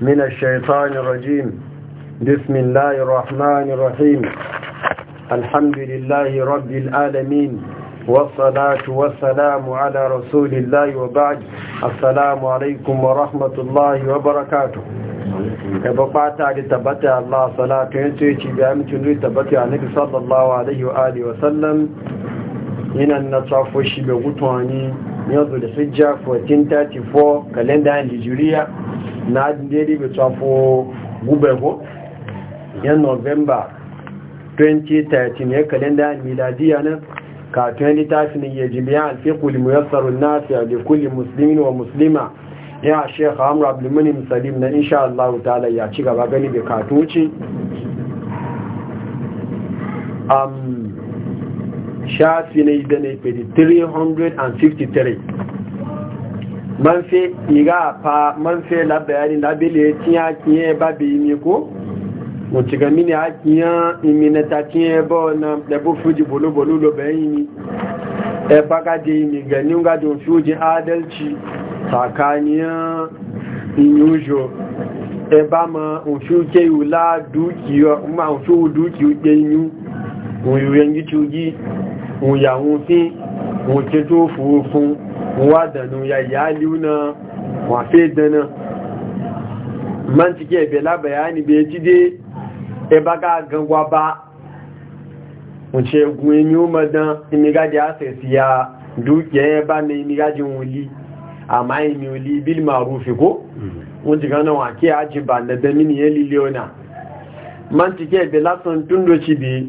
من الشيطان الرجيم بسم الله الرحمن الرحيم الحمد لله رب العالمين والصلاة والسلام على رسول الله وبعد السلام عليكم ورحمة الله وبركاته يبقى تبتع الله صلاة ينتهي بأمتن تبتع النبي صلى الله عليه وآله وسلم من النطرف وشبه غطواني yau da sujja 1434 kalenda jijiriya na adin daidai bituwa fo gubego yan novemba 2013 ya kalenda miladiya na ka 2013 littafin ya jibiya alfiƙul muyassarun nasi a kulli musulmi wa musulma ya shekha amur abdulmunim salim na insha Allah ta'ala ya ci gaba gani da katoci um, shafi na da na ikpe di 353 manfe iga fa manfe la bayani la bele tiya kiye babe mi ko mo ti ga mini akiya imina ta kiye bo na da bo fuji bolo bolo lo bayani e baga de mi ga ni nga don fuji adalci tsakaniya inyujo e ba ma on fuke yula dukiyo ma on fu dukiyo denyu on yuyen gi tuji òun yà òun fín òun tí tó fòó fún òun dànù ya ìyá alíú náà wà fẹ́ dánà man cike ebe labaya ni bai ci dai ebe ga gangwa ba wuce gwen yi umardan imigadi asirsi ya dukiya ya ba na imigadin wuli amma imi wuli bil marufi ko wunci ganin wake ajin ba na damini ya liliona man cike ebe lasan tun doci bi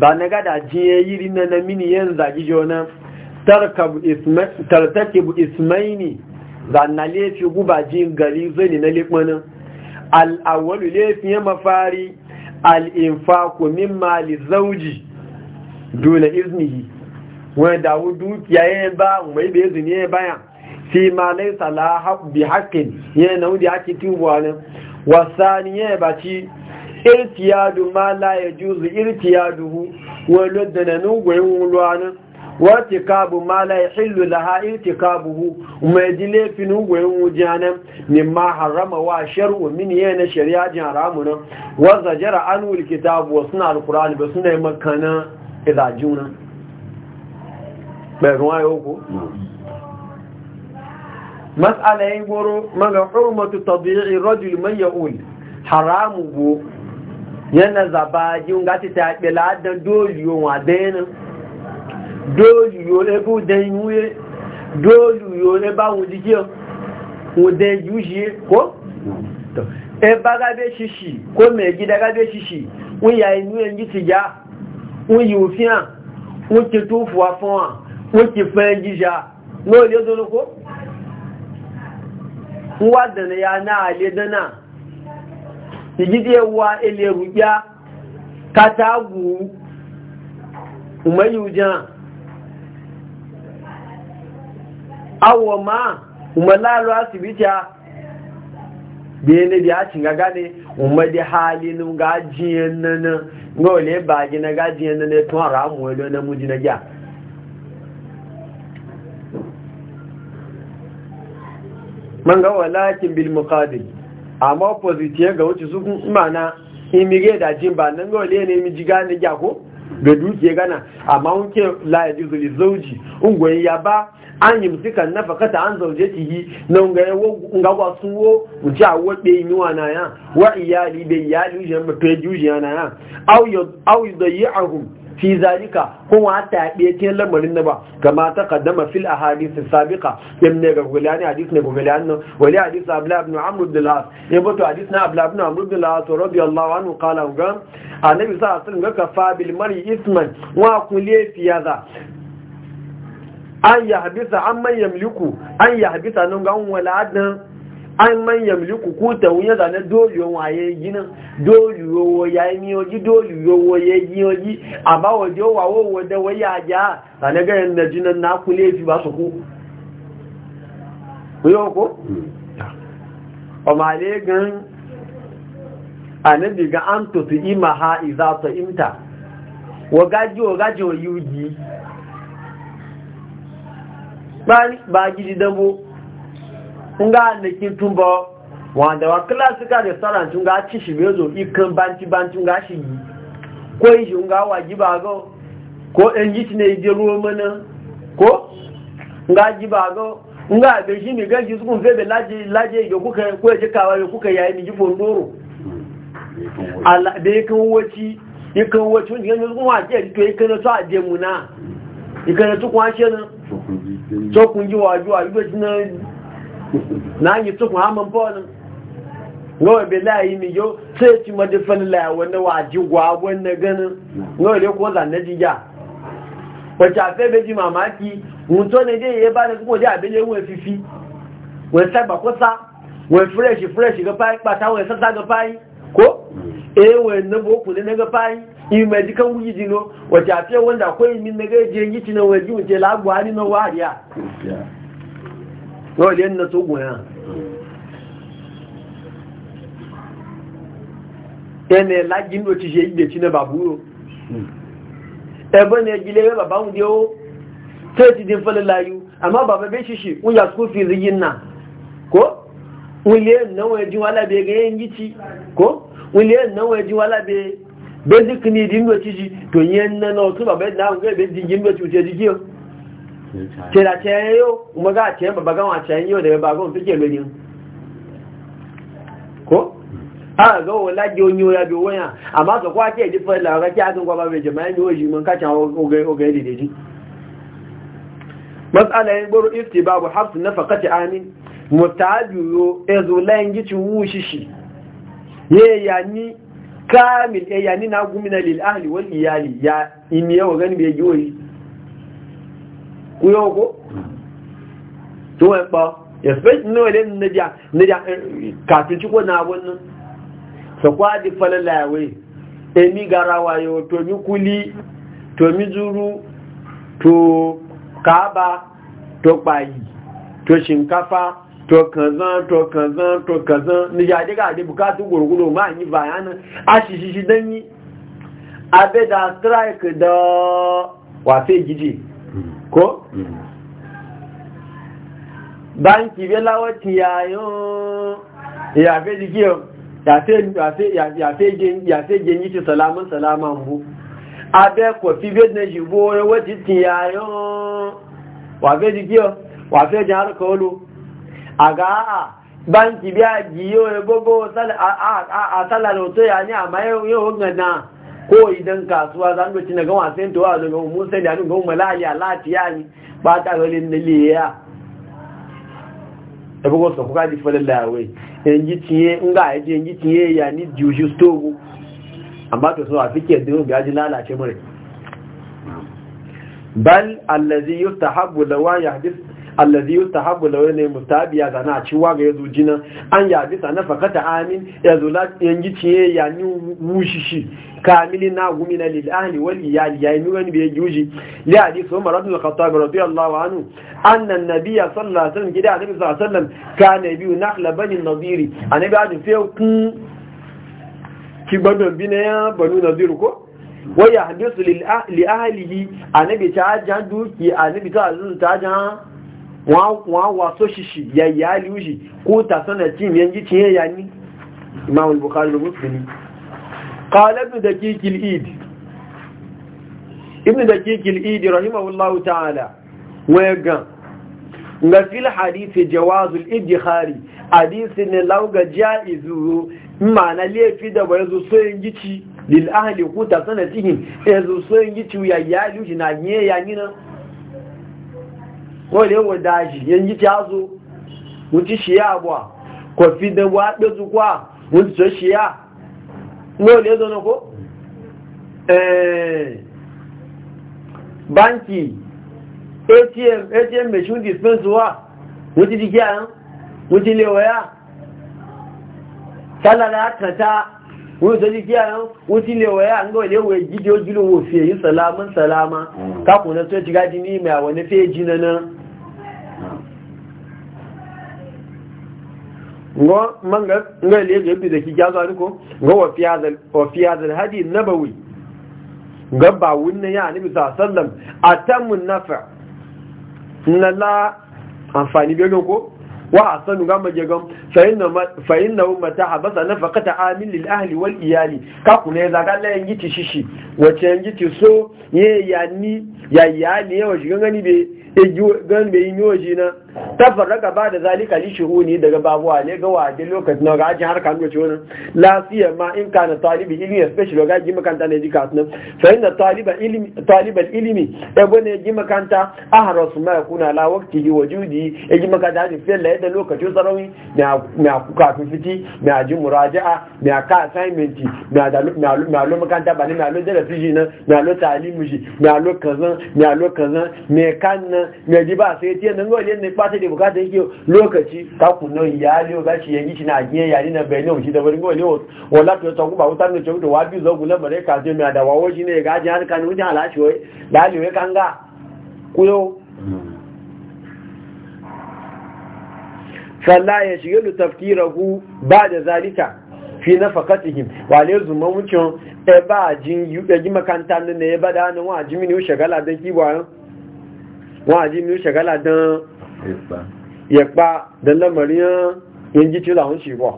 ba na gada jiye yi rina na mini yin zagi jona bu ismaini za na lefi guba jin gari zai na likmanin al'awwalu lefi ya mafari al'infaku min mali zauji dole iznihi wani dawo dukiya ya ba mai da zini ya bayan fi ma laisa la bi haƙƙin yana wuri haƙƙi tubuwa nan wasani ya baci irtiyadu ma la ya juzu irtiyaduhu wani dananin gwayin wulwanin watikabu ma la yahillu laha irtikabuhu mai ji laifin gwayin wujanan ma harama wa shar'u min yana shari'a jin haramu nan wa zajara an wuli kitabu wa suna alkurani ba suna makana idajuna bai ruwa yau ko mas'ala yayi goro maga hurmatu tabi'i rajul man ya'ul haramu go yana zabaji nga ti ta pela dan doliyo wa denin doliyo le bu den yuye doliyo le ba won dije won den yuye ko e baga be shishi ko me gida ga be shishi won ya inu en ji ti ja won yi ofia won ti tu fu afon won ti fe jija no le do lo ko n wa dan ya na ale dan na ìjídíẹwà ilẹ̀ rúgbá kátàgù umayujan awọ máa umarlalu asibita bene da ya cinga gane umar da halin gajiyar nan ga wale bagi na gajiyar nan ya tun ramu wale na muji na gya man ga walakin bil muqabil amma opposite ga wuce su mana imige da jin ba nan gole ne mi jiga ne ya ko ga dukiya gana amma wuke la ya juzu lizauji ungwe ya ba an yi musika na fakata an zauje tihi na ungaye nga kwa suwo uti a wote inuwa na ya wa iyali be iyali uje mpe juje na ya au في ذلك هو حتى يأتي للمرين نبا كما تقدم في الأحاديث السابقة ابن غولاني حديث نبو غولاني ولي حديث أبلا ابن عمرو بن العاص يبطو حديثنا أبلا ابن عمرو بن العاص رضي الله عنه قال أغام النبي صلى الله عليه وسلم كفى بالمري إثما وأقولي في هذا أن يحبث عمن يملكه أن يحبث نغان ولا أدنى an man ta kuta wunya zane doli wa ya yi nan doli wo ya yi miyoji doli wo ya yi miyoji a ba waje wa wo wada waya ja zane ga yanda jinan na kule fi ba su ku yau ko o ma gan anabi ga an to tu ima ha iza imta wa gaji wa gaji wa yuji ba gidi dambo nga ne ki tumbo wanda wa classical tun ga ci shi mezo ikan banci banci nga shi ko yi nga wajiba go ko en yiti ne je ruwa mana ko nga jiba go nga be shi mi ganji su kun bebe laje laje yo kuka ko e je kawa yo kuka yayi mi jifo ndoro ala be kan woci ikan woci ni ganji su kun wa je to ikan so ade muna ikan to kun ashe na so kun ji waju waju be na na anyị tukun haman bonin nawa bai layi mi yau sai na ganin nawa dai na jiya a fai ji mamaki mutu ne dai ya ba da kuma dai abin yawon fifi wani saba fresh fresh ga fayi bata wani sassa ga ko eh wani na boku ne ime a fai wanda na na lagu na yóò lè nà tó gùn yàn ẹnì lájí ní òtí ṣe ìgbè na ní bàbúrò ẹgbọ́n ni ẹgbìlẹ̀ rẹ̀ bàbá ń dé ó ti dín fẹ́lẹ̀ láyú àmá bàbá bẹ́ ṣíṣì ń ya skúl fi ríyìn na. Ko ń lè náwọ̀ ẹ̀dín wà lábẹ́ rẹ̀ ń yí ti kó ń lè náwọ̀ ẹ̀dín wà lábẹ́ to ní ìdí ní òtí ṣe tòyìn ẹ̀nà náà tó bàbá ẹ̀dín náà ń gẹ́ ce da ce yayo kuma ga ce ba bagan wace yayo da bagan suke gani ko a ga wala ji onyo ya bi wanya, amma so kwa ke difa la ga ki azun kwa ba be jama'a ni oji mun ka ta o ga dide ji mas'ala yin buru iftibabu hafs nafaqati amin mutabiyo ci wushi shi ye ya ni kamil e, ya ni na gumina lil ahli wal iyali ya in wa gani be oji kuyo ko to e pa especially no le ne dia eh, ka tin ko na won so kwa di falala we emi garawa yo to mi kuli to mi zuru to kaaba to payi to shinkafa to kanzan to kanzan to kanzan ni ya diga de bukatu gurgudu ma yi bayana a shi shi danyi abe da strike da wafe ko báńkì bí láwọ́ ti yàfẹ́ jíkí ọ yàfẹ́ jẹ ní ti salamun salaman bú abẹ́kọ̀ fi bí ẹ̀dẹ̀ ṣùgbó ẹwọ́ ti ti yàyán wàfẹ́ jíkí ọ wàfẹ́ jẹ àrùkọ olú àgáà báńkì bí àjíyó ẹgbógbó ko idan kasuwa za mu ci na gama sai to azu gama mun sai da gama malaya latiya ni ba ta galin Ya da bugo da kuka ji falal lawe en ji tiye in ga yaje en ji tiye ya ni juju stogu amma to so a fike da ga ji lalace mure bal allazi yustahabbu lawa yahdith allazi yustahabu law ne mustabiya sana ciwa ga yazo jina an ya bi sana fakata amin yazo la yangi ciye ya ni wushishi kamili na gumi na lil ahli wal iyali ya ni wani bai juji li hadith umar ibn al-khattab radiyallahu anhu anna an-nabiy sallallahu alaihi wasallam gida annabi sallallahu alaihi wasallam kana biyu nakhla bani nadiri annabi ajin fe kun ki gbadon bi na banu nadiru ko waya hadisu li ahlihi annabi ta ajan duki annabi ta azun ta ajan wọ́n wà tó ṣìṣì yà yà kó tàṣánà tí ìyẹn ẹnjí ti yẹ́yà ní ìmáwọn al-bukhari al-muslimi qala ibn daqiq rahimahullahu ta'ala ga fi hadith jawaz al-idkhari hadith lauga lafi da bai zo so yin gici yin gici na wọ́n lè wọ́n dáa ṣì yẹn a zo wọ́n ti ṣe àbọ̀ kò fi dẹ̀wọ́ àpẹ́tukọ́ à wọ́n ti sọ ṣe à wọ́n lè zọ́nà kó báńkì atm atm machine dispense wà wọ́n eh? eh? mm. e ti di kí àrán wọ́n ti lè wọ́yá wọ́n tó a wọ́n tí lè wọ́yá ń gọ́ léwọ́ ìjídé ojúlówó fi èyí sàlámán sàlámá kákùnrin tó ti ní ìmẹ̀ àwọn ní fẹ́ jí náà ngo manga nga le ga bi da ki jaza ko ngo wa fi hadal wa fi hadal hadi nabawi ga ba wunna ya annabi sallam atamu nafa na la amfani bi ko wa asanu ga maje fa inna fa inna mata habasa nafaqata amil lil ahli wal iyali ka kune za ga la yin shishi wace yin so ye ya ya yali ne wa shigan gani be gan bai yi yoji na raga ba da zalika li shuhuni daga babuwa ne ga wajen lokacin na gajin harkar goce wani lafiya ma in ka na talibin ilimi especially ga ji makanta na jika suna fahimta talibin taliban ilimi ebe ne ji makanta a harar su mai kuna la yi wa judi ya ji makanta hajji fiye da yadda lokacin sarauni na kafin fiti na ajin muraja'a na ka assignment na lo makanta ba ne na lo jarafi shi na na lo talimushi shi na lo kazan na lo kazan me kan nan mai ji ba sai tiyan nan gole ne ba ta da bukatar yake lokaci ka kuno ya liyo ga shi yanki na giye ya na bayanin shi da wurin gole wala to ta kuma wutar da cewa wa biyu zo lamar ya kaje mai da wawo shi ne ga ji har kan wuce halashi wai da liyo kan ga kuyo falla ya shige da ku ba da zalika fi na fakatihim wale zuma wucin e ba jin yi e makanta ne e ba da nan wa jimini ne shagala da kibayan wọ́n àjí mi ó ṣẹ̀gálà dán yẹ̀pa dánlẹ́mọ̀ríyàn yẹnjí tí ó làwọn ṣe wọ̀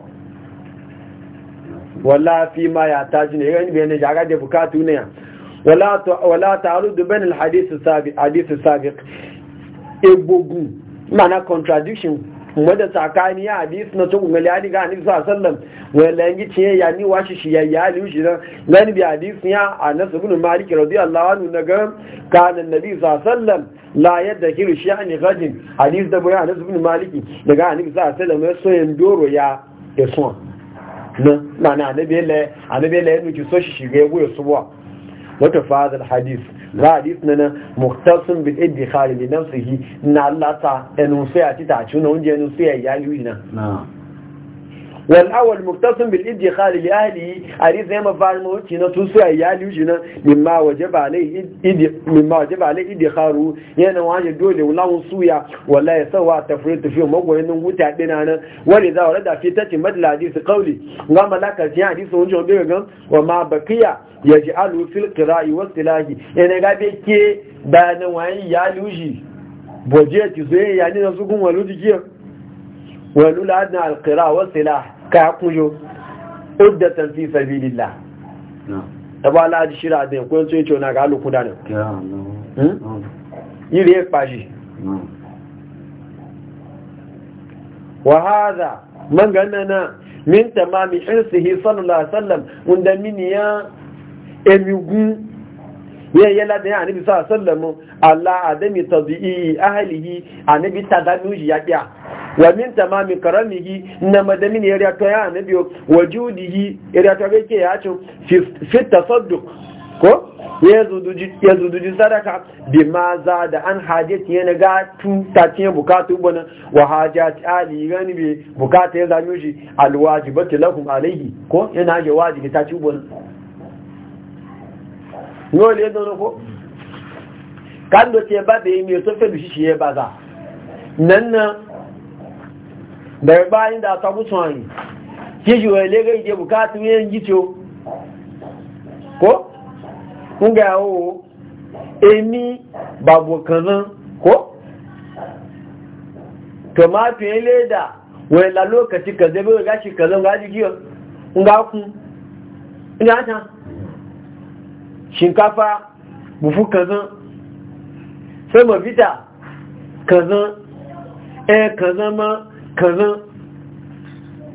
wọ́lá fi máa yàtà jùlọ ẹgbẹ́ níbi ẹni jàgájẹ bukatu náà wọ́lá tààrùdù bẹ́ẹ̀ wadda tsakani ya hadisi na tukun gali hadi ga hadisi a sallam wadda yanki ciye ya ni washi shi ya yi hali shi nan gani bi hadisi ya a nasu bin maliki radiyallahu anhu na ga kanan nabi sa sallam la yadda kiru shi a ni gajin hadisi da bayan nasu bin maliki daga hadisi sa sallam ya soyan doro ya ya suwa na na na anabela anabela ya nuki so shi shiga ya goya suwa wata fazal hadisi زادتنا مختص بالادخال لنفسه ان الله تا انوسيا تي تا تشونو يا لوينا نعم والاول والأول بالادي خالي لأهله اريد زي ما فعل موتينا توسع يالي وجنا مما وجب عليه ادي مما وجب عليه ادي خارو يعني واجه دولة ولا وصويا ولا يسوى تفريط فيه مقوى إنه متعبنا أنا ولذا ورد في تاتي مدل حديث قولي وما لك الجان حديث ونجو بيغم وما بقي يجعله في القراء والسلاح يعني قابل كي بانوان يالي وجي بوجيتي زي يعني نسوكم ولو تجيه walul adna alqira wa silah ka kujo uddatan fi sabilillah da ba la di shira de ko so yace na ga lu kuda ne yiri pa shi wa hadha man ganana min tamami hirsihi sallallahu alaihi wasallam unda min ya emigun ya yala da ya anabi sallallahu alaihi wasallam Allah adami tabi'i ahlihi anabi tadanuji ya biya wa min tamami karamihi na madamin ya riyato ya annabiyo wa judihi ya riyato ga ke ya cin fi tasadduq ko ya ji sadaka bi ma za da an hajjati ya na gatu ta ce bukatu bana wa hajjati ali gani bi bukata ya zami shi alwaji ta lakum alayhi ko yana ga waji ta ci bana wani ya don ko kan ce ba da yi mai so fe shi shi ya baza nan na daga bayan da ta mutu hanyi ke shi wani legai ke bukatun yin gico ko? ƙunga yawo emi babu kanan ko? tomatu yin leda wani la lokaci ka zai bai gashi kazan gaji giyo ƙunga ku ina ta shinkafa bufu kazan sai mafita kazan ɗaya eh, kazan ma kazan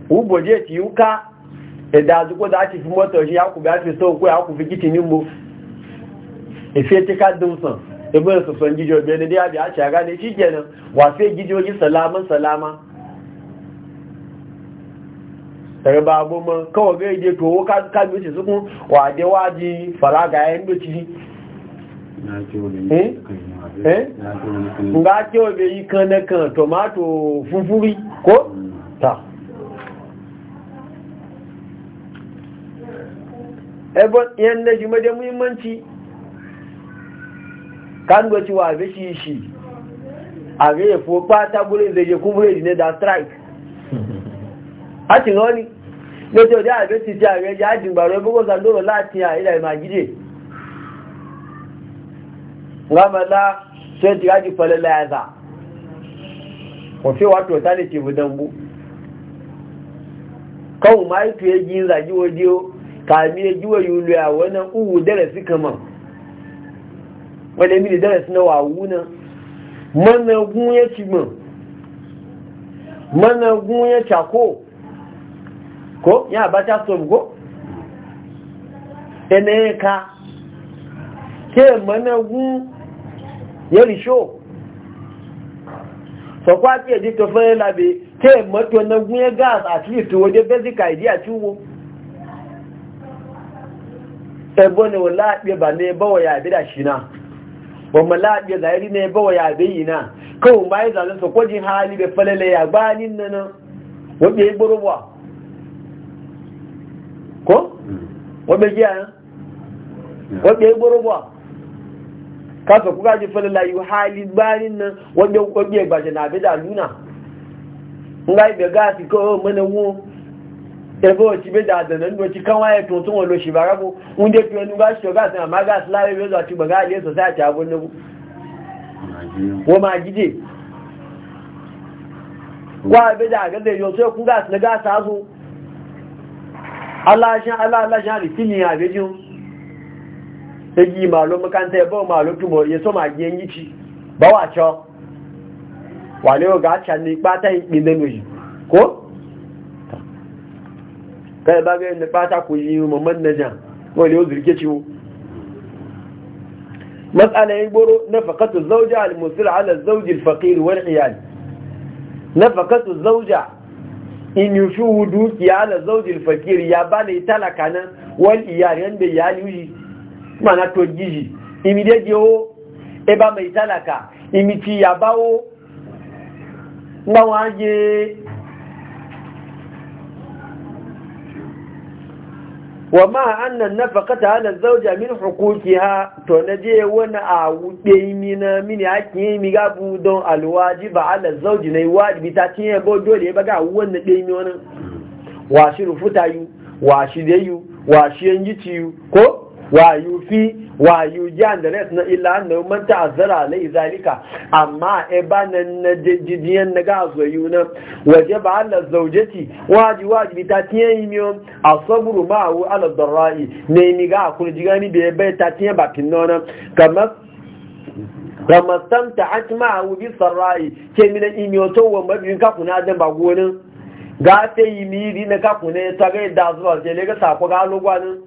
uboje ti yuka da azuko da ake fi motar shi ya ku ga fi sau ko ya ku fi gitinin mu ife ta kaddun san ibi da sassan gijo biya da dai a ce a gane shi kenan wafe gijoji salaman salama tare ba abu ma kawai ga ide sukun wa eh? eh? yi na kan tomato ko ta ebon yan na jima da muhimmanci kan wa shi shi a ga yafo pata burin ne da strike a ti rani ti wafe wato ta ne ke budan bu kawo ma yi tuye gi zagi wadiyo kami ya giwa yulu ya wani uwu darasi kaman wadda mini darasi na wawuna mana gun ya cibin mana gun ya cako ko ya ba ta go. ko ene ka ke mana gun ya risho sọ̀kwá tí èdè tó fẹ́ lábẹ́ tí èmọ́ na ná gas yẹ́ gáàs waje ìtòwò dé bẹ́síkà ìdí àti wo ẹbọ́ ba wọ́n láàpẹ́ bà ya ẹbọ́wọ̀ yà àbẹ́dà ṣì náà wọ́n mọ̀ láàpẹ́ zàírí ní ẹbọ́wọ̀ yà àbẹ́ yìí náà kọ́wọ́n báyìí zàlẹ́ sọ̀kọ́ jí ha ní bẹ fẹ́lẹ́lẹ́ yà gbá ní nana wọ́n bẹ gbọ́rọ̀ kasa kuka ji falala yi hali gbanin nan wanda kuka biya gbaje na bi da luna nga ibe gasi ko oh, mana wo ebe o ti be da dana ndu ti kan waye tuntun tun lo shi barabo unde pe nu ga shi gasi ma gasi lawe be zo ti gbaga ile so sai ta abun nugu wo ma gide wa be da ga de yo so ku gasi na gasi azu Allah shan Allah Allah shan ri tini abejun yi malo makanta bawa malo tumo ya so ma gen ci ba wa cewa wale o ga ne ni pata ipin dano yi ko kai ba ga da pata ku yi yi mamman na jan wale o zirke ciwo mas'ala yin goro fakatu zauja al musul ala zawji al-faqir wal iyal fakatu zauja in yushu dukiya ala zawji al-faqir ya bani talaka nan wal iyal yanda ya yi mana to jiji imi daidai o eba mai talaka imi ti ya bawo gbawon je wa ma annan nafaqata ala zawja min huquqiha to naje wani a wuɗe mi na mini hakin mi ga bu don alwajiba ala zawji nay wajibi ta tiye bo dole ba ga wannan de imi wannan wa shiru futayu wa shidayu wa shiyan ko wa fi wa yujan da res na illa annahu man ta'azzara lai zalika amma e banan na jidiyan na gazo yuna ba ala zawjati waji waji ta tiyan a wu ma'u ala darra'i ne ni ga kun jigani ya bai ta tiyan ba pinnona kamar kama a wu bi sarra'i ke imiyo to wa mabin ka kuna dan ba gonin ga ta yi miri na ka kuna ta ga da zuwa je le ga sako ga lugwanin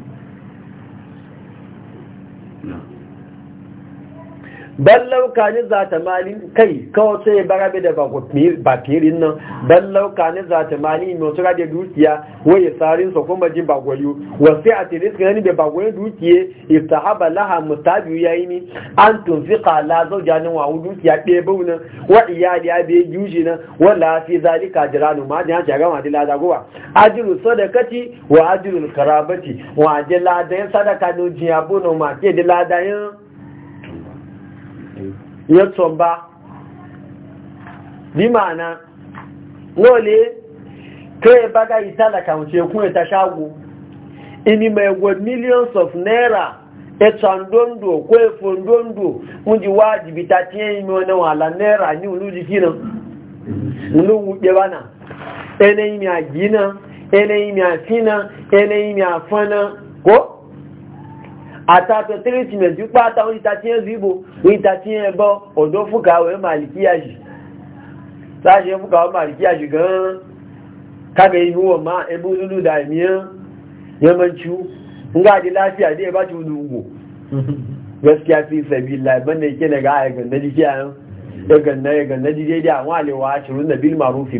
嗯。ballau ni za ta mali kai kawai sai ya barabe da bakirin nan ballau ni za ta mali mai wasu rage dukiya waye tsarin sa kuma ji bagwayo wasu a tiris kan da bagwayo dukiye istahaba laha ya yi ni an zau la zaujanin wa dukiya ɗaya baunan wa iyali ya bai juji nan wala fi zalika jiranu ma jin a gama dila da gowa ajiru sadakati wa ajiru karabati wa ajila da sadaka no jiya bono ma ke da ya tsomba bi ma'ana nole kai baga ita da kamce kuma ta shago ini mai gwa millions of naira etandondo ko efondondo unji wajibi ta tiye naira ni ulu jiki nan ulu wuɗe bana ene imi a gina ene fina ene fana ko àtàtọ̀ treatment pátá oríta tí ń ríbo oríta tí ń bọ́ ọ̀dọ́ fúkàwẹ̀ màlìkíyàjì sáṣẹ gan a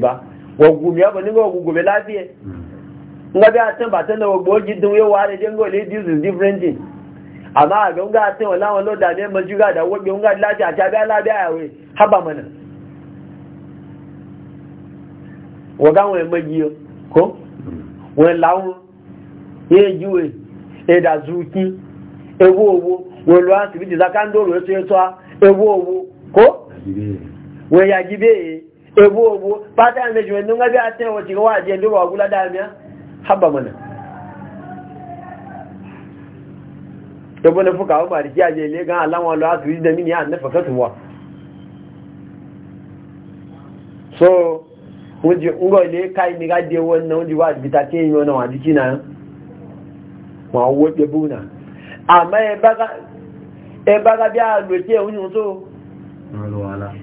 ba wagumi lafiya nga can ba ta na wagbo gidin da jengo ladies is amma ga unga sai wala wallo da ne mun juga da wobe unga lafiya ta ga lafiya yawe haba mana waga wani magiyo ko wani lawun ya yi we e da zuki ewu owu wani luwa asibiti zaka ndoro ya tsoye tsoa ewu owu ko wani ya gibe ewu e owu fata yanzu wani nunga biya sai wacce ga wajen duba wa gula damiya haba mana da wani fuka wa mariki a jele gan alawan lo asiri na mini an nafa kasuwa so wunji ngo ile kai ni gade wannan wunji wa bita ke yi wannan wa jiki na wa wote buna amma e baga e baga bi a lo ke wunji so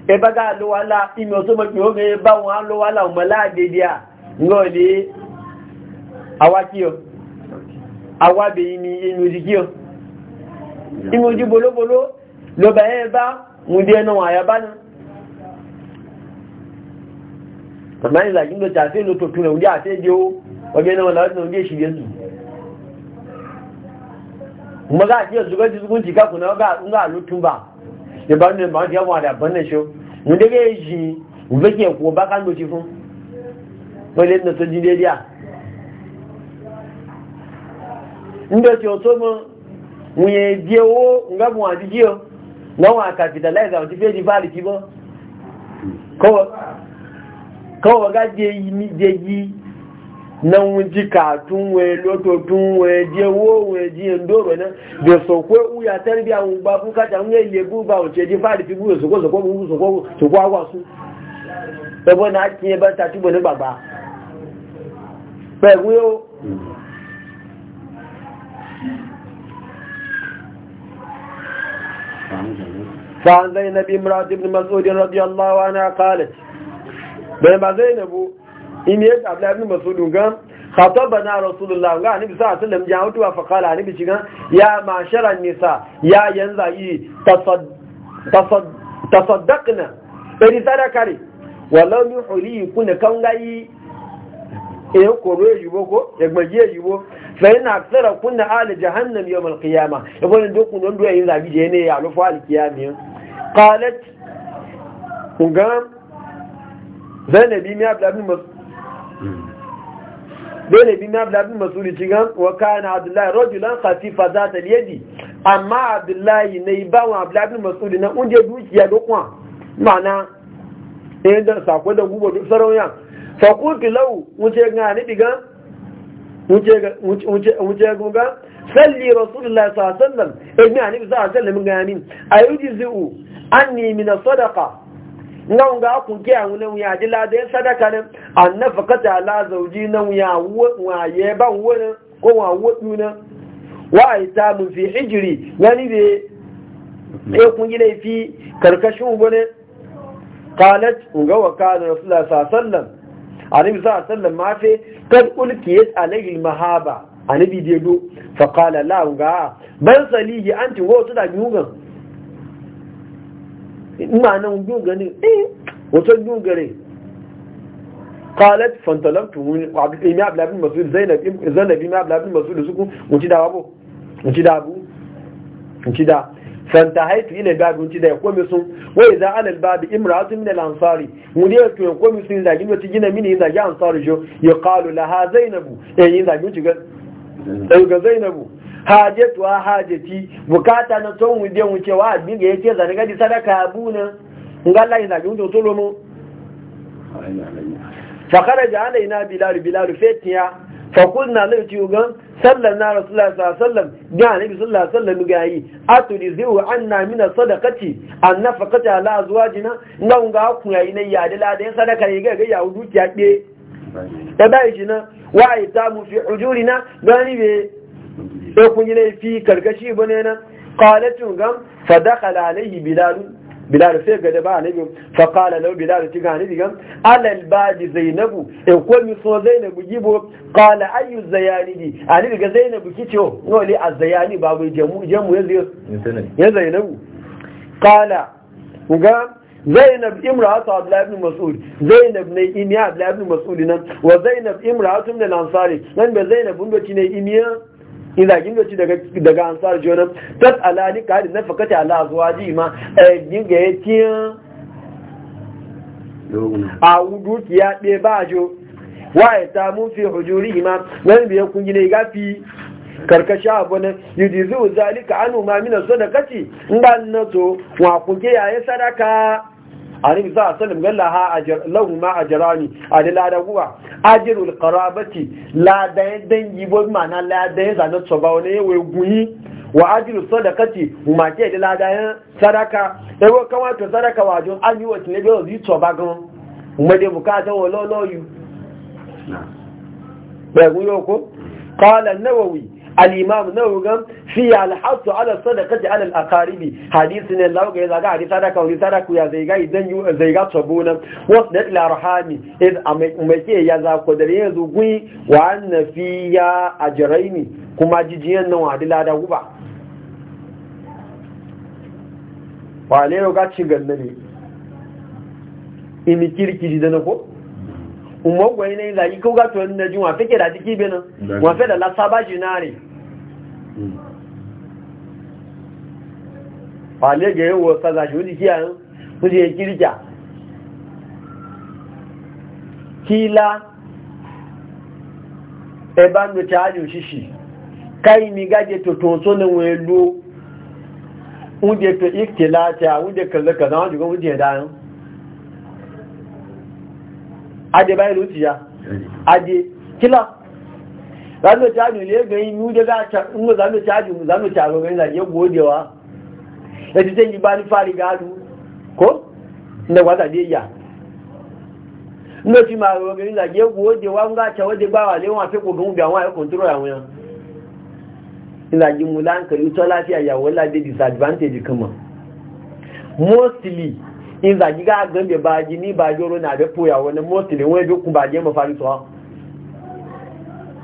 e baga lo wala imi o so mo ki o ge ba won lo wala o mo la de ah. awa ngo ile awaki o awabe o ìwọ̀n ojú bolóboló ló bẹ̀rẹ̀ bá mú dé ẹnu àyà bá ní màmá ìlà ló tà rẹ̀ ojú àti èdè ó ọjọ́ iná wọn ojú èṣìlẹ̀ nù mọ́gá àti ọ̀sùgbẹ́ ti sùgbọ́n ti kákùnà ọgá ló túnbà ìbánu wunye biye wo nga mu wa jiyo nga wa a jife ji fali kibo ko ko ga je yi je yi na wunji katun we lototun we je wo we je ndoro na de so ko u ya tarbiya un ba ku ka tan ye le guba o je ji fali na fa an zainab imrat ibn mas'ud radiyallahu anha qalat bay ma zainab in yi abla ibn mas'ud ga khatabana rasulullah ga ni bisa sallam ja wutu fa qala ni bici ga ya masharan nisa ya yanza yi tasad tasad tasaddaqna bi zarakari walau min huli kun kan eh koro ya yiwo ko ya gbaji ya yiwo fa yana tsara kunna ala jahannam yawm alqiyama yabo ne doku don doya yin zabi je ne ya lufa alqiyami qalat kunga zainabi mi abla bin mas zainabi mi abla bin masuli cigan wa kana abdullahi rajulan khafifa zat yadi? amma abdullahi ne ba wa abla bin masuli na unje dukiya dokwa mana eh da sako da gubo duk sarauniya fakultu lau wuce ga ni diga wuce guga salli rasulullah sallam ibn eh, ani za sallam ga ni An nemi na sadaka. nan ga ku ke an nan ya ji ladan sadaka nan annafaqata la zawji nan ya wa ye ban wani ko wa wudu nan wa aitamu fi hijri yani be e kun gida fi karkashin gune qalat ga wa kana rasulullah sallam. annabi sallallahu alaihi wasallam ma fe kad ulkiyat alayhi mahaba annabi dai do fa qala la ga ban salihi anti wo to da yugan ina nan yugan ne eh wato yugare qalat fantalabtu min abdulmi abdul masud zainab zainab ibn abdul masud suku mun ci da babu mun ci da abu mun da fanta haitu ile babu ci da ya komi sun wai za alal babu imratu min al mun ya to ya komi sun da gino ci gina mini ya ansari jo zainabu eh yin da gino ci ga e, ga zainabu hajatu wa hajati bukata na ton wuje wuce wa abin yake zan ga sadaka abuna ngalla ina fa bilal bilal fetiya. fa qulna la Sallar na rasulullah sallallahu ga nabi sallallahu sallam ga yi aturi zai anna mina sadakaci, an fakata ala jina nan ga ku yayi ne ya dala da sadaka ne ga ga ya wudu ki ade da bai jina wa mu fi na gani be ko yi fi karkashi bane na qalatun gam fa dakhala alayhi bilal sai ga da ba fa qala law bilal ti ga annabi gam alal badi zainabu e ko mi so zainabu gibo qala ayu zayanidi annabi ga zainabu kicho no le azayani babu jamu jamu yanzu ya zainabu qala ga zainab imra'atu abdullah ibn mas'ud zainab ne imiya abdullah ibn mas'ud nan wa zainab imra'atu من al-ansari بزينب بن zainab bun ina ginga ci daga daga ansar jona tat alani ka da nafakata ala azwaji ma eh ginga yake eh. a wudu kiya be ba jo wa ta mun fi hujuri ma nan biya kun gine gafi karkashin abu ne yudizu zalika anu ma min sadaqati ngan nato wa kuke ya sadaka Ani za a sanin gan ha ajr lahu ma ni. adala da kuwa ajrul qarabati ladayen dangi bo mana la zane zan so wani yawon guyi wa ajrul sadakati huma ke da ladayen sadaka ewu wo kan sadaka wajen. an yi wa ne do zi so gan mu de bukata wo lo lo yu ko nawawi al-imam nawgan fi al ala sadaqati ala al-aqaribi hadisi ne lawo ga zaga hadisi da ka hadisi da ku ya zai ga idan yu zai ga tabuna wasdat ila rahami id amake ya za ko da yanzu gui wa anna fi ya ajraini kuma jijiyan nan wa dila da guba wa ne ga ci ganna ne imi kirkiji da na ko umar gwani na yi zagi ko gato na jin wafe ke da jiki benin wafe da lasa ba jinare wale ga yawo kaza shi wani kiyayen kila ẹbá e ń ta ajò ṣíṣì káyí ni gájẹ tuntun tó ní wọn ló oúnjẹ tó ìkè láti àwọn ya za mu caji ne ga yi mu da za mu za mu caji mu za mu caji ga ya godewa da ta yi ba fari gado ko inda wata dai ya ndo ti ma ro ga yana ya godewa nga ta ba wa le won afi ko gun bi ayo control ji mu lan to lafiya ya wala de disadvantage kuma mostly in za ji ga ba ji ni ba joro na be mostly won be ku ba je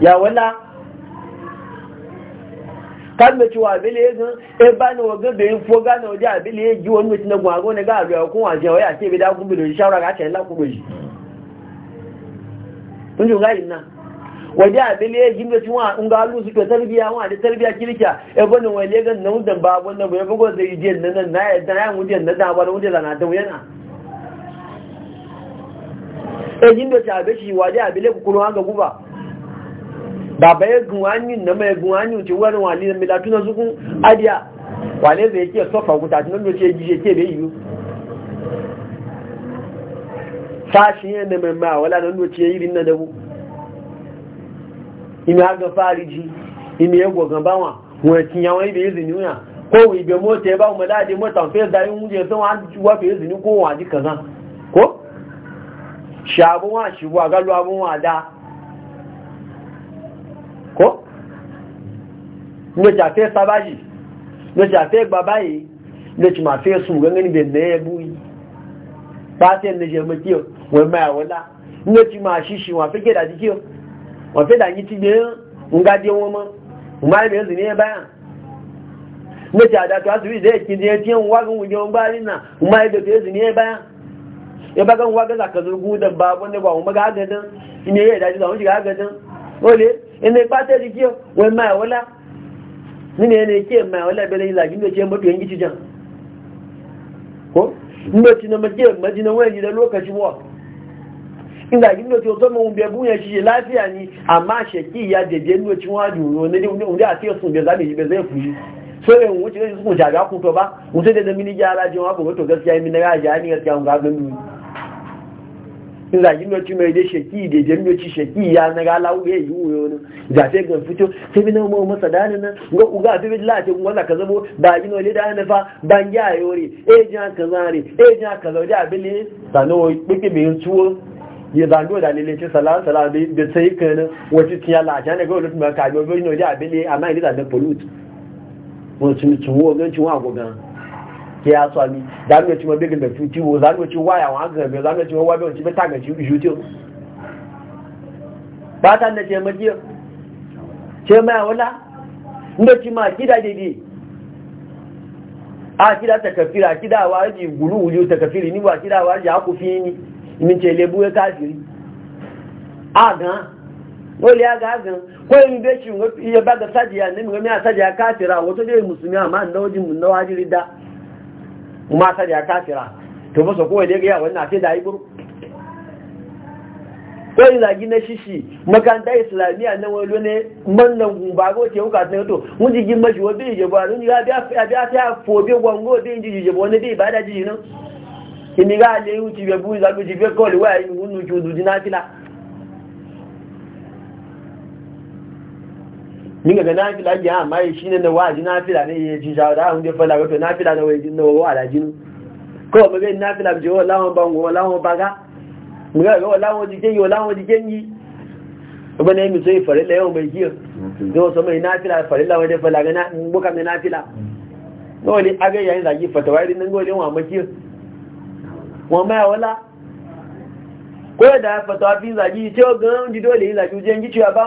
ya wala kan me ciwa bele gan e ba ni wo gan be fo gan na oja bele ji won me tin gun ago ne ga ro ko wa je o ya ti be da gun be do shawara ga te la ku be yi tun ju ga ina waje abin ya yi da cewa in ga su ke tarbiya wa da tarbiya kirkiya ya bani wale gan nan da ba wannan bai bugo da yi nan nan na yadda e ya mu na da ba wanda na da yana e jin da ta be shi waje abin ku kuma ga guba baba ya gunwanyi na mai gunwanyi ce wani wani na milatu na zukun adiya wane zai ke sofa guta tunan da ce gije ke bai yiwu Fashi yin da mai mawa wala nan doce yi rinna na mu ina haka fari ji ina ya gogan bawa wani cinyawa ibe izini wuya ko ibe mota ya ba mu dade mota fes da yin wuje sun wafe izini ko wani kaza ko shabu wa shi wa galo abun wa da ko mo ti àfẹ́ sábá yìí mo ti máa fẹ́ sùn gẹ́gẹ́ níbẹ̀ mẹ́ẹ̀ bú yìí pàṣẹ ní ṣe mọ́ tí ó wọ́n máa wọ́n lá mo máa ṣíṣe wọn fẹ́ kẹ́dà tí kí ó wọ́n fẹ́ dàyí ti gbé ń ga dé wọn mọ́ mo máa rẹ̀ sí ní ẹ báyà mo àdàtọ̀ àtúrí ìdẹ́ ìkíni ẹ tí ń wá gún ìjọ gbá rí nà máa rẹ̀ sí ní ẹ báyà ya bagan wa ga zaka zurgu da babu ne ba mu ina ba ta jiki wai ma wala yana ke ma e wala bele ila gindo ce mutu yanki ci jan ko ndo ci na maje majina wani da lokaci wa inda gindo ce zo mun be lafiya ni amma sheki ya deje ndo ci wa ne a tiyo sun be zai so wuce ne su jaga ba wuce da mini jara jin wa ko to gaskiya mini ga jani gaskiya zagi noci mai dai shaki da jan noci shaki ya na ga lawo ya yi wuyo ne ga ga fito sai bin mu masa dani nan ga uga sai bin lati kun wanda ka zabo ba gi no le dani fa ban ya yore e ka e ka ya da da la ga ma ka da ni da pollute mo wo wa go ke ya so mi da mi ci mo be gbe tu ti wo za mi ci wa ya wa gan be za mi ci wa be ci ta gan ci ju ti ba ta ne ce mo ji ce ma wala ndo ci ma kida de di a kida ta kafira kida wa ji gulu wuju ta kafiri ni wa kida wa ya ku fi ni min ce lebu ya kafiri a gan wole ya ga gan ko in be shi ngo ya ba ga sajiya ne mi ga mi sajiya kafira wato dai musulmi amma ndo ji mun da wajiri da kuma ta da kafira to masa kowai da ya wannan sai da yi buru? guru kai zagi na shishi makaranta islamiyya na wani ne mannan gumba ko ke huka sai to mun jigin mashi wani bai jabo ni ga biya fiya biya fiya fobe gwango bai jiji jabo wani bai bada jiji nan kimi ga le yuci be bu zagu jibe ko le wa yi hunu judu dinatila min ga na fila ya amma shi ne na waji na fila ne ya ji shawara hun dai fala wato na fila na waji na wa da jinu ko ba ga na fila je wala hon bango wala hon baga mun ga wala hon dike yi wa hon dike yi ba ne mi sai fare la yau mai giya do so mai na fila fare la waje fala ga na buka mai na fila no ne aga yayin zagi fatawa irin nan gole wa maki wa mai wala ko da fatawa fi zagi ce ga dole yi zagi je ngi ciwa ba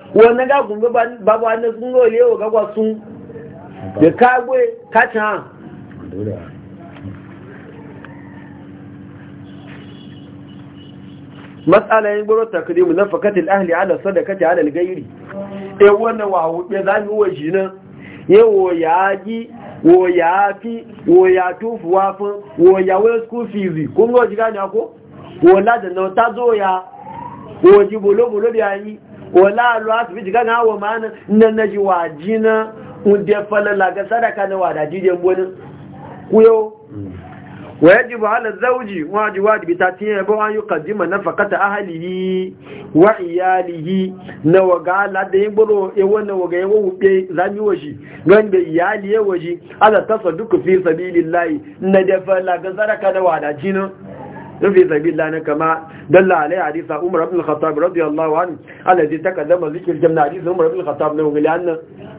wannan gagun babu wani sun gole wa gagwa sun da kagwe kacin yin gwaro takrimu na fakatil ahli ala sadakati ala gairi e wannan wa hudu za mu wa shi nan yawo ya ji wo ya fi wo ya tufu wafin wo ya wani school fees kun gwaji gani ako wo ladan na ta zo ya wo ji bolo-bolo da yayi wala alu asibiti kan hawa mana na na ji waji na unde falala ga sadaka na wada jijen bonin kuyo mm. wa yajibu ala zawji wajibu wajibi ta tiye yabo an yi kaddima na fakata ahalihi wa iyalihi na waga ala da yin gboro ewo na waga yawo wuɓe zami washi gan da iyali yawo shi ala tasa duka fi sabilillahi na da falala ga sadaka na wada jina. in fi sabi lana kama dalla alai hadisa umar abin khattab radiyallahu anhu alazi takaddama zikir jamna hadisa umar abin khattab na wuli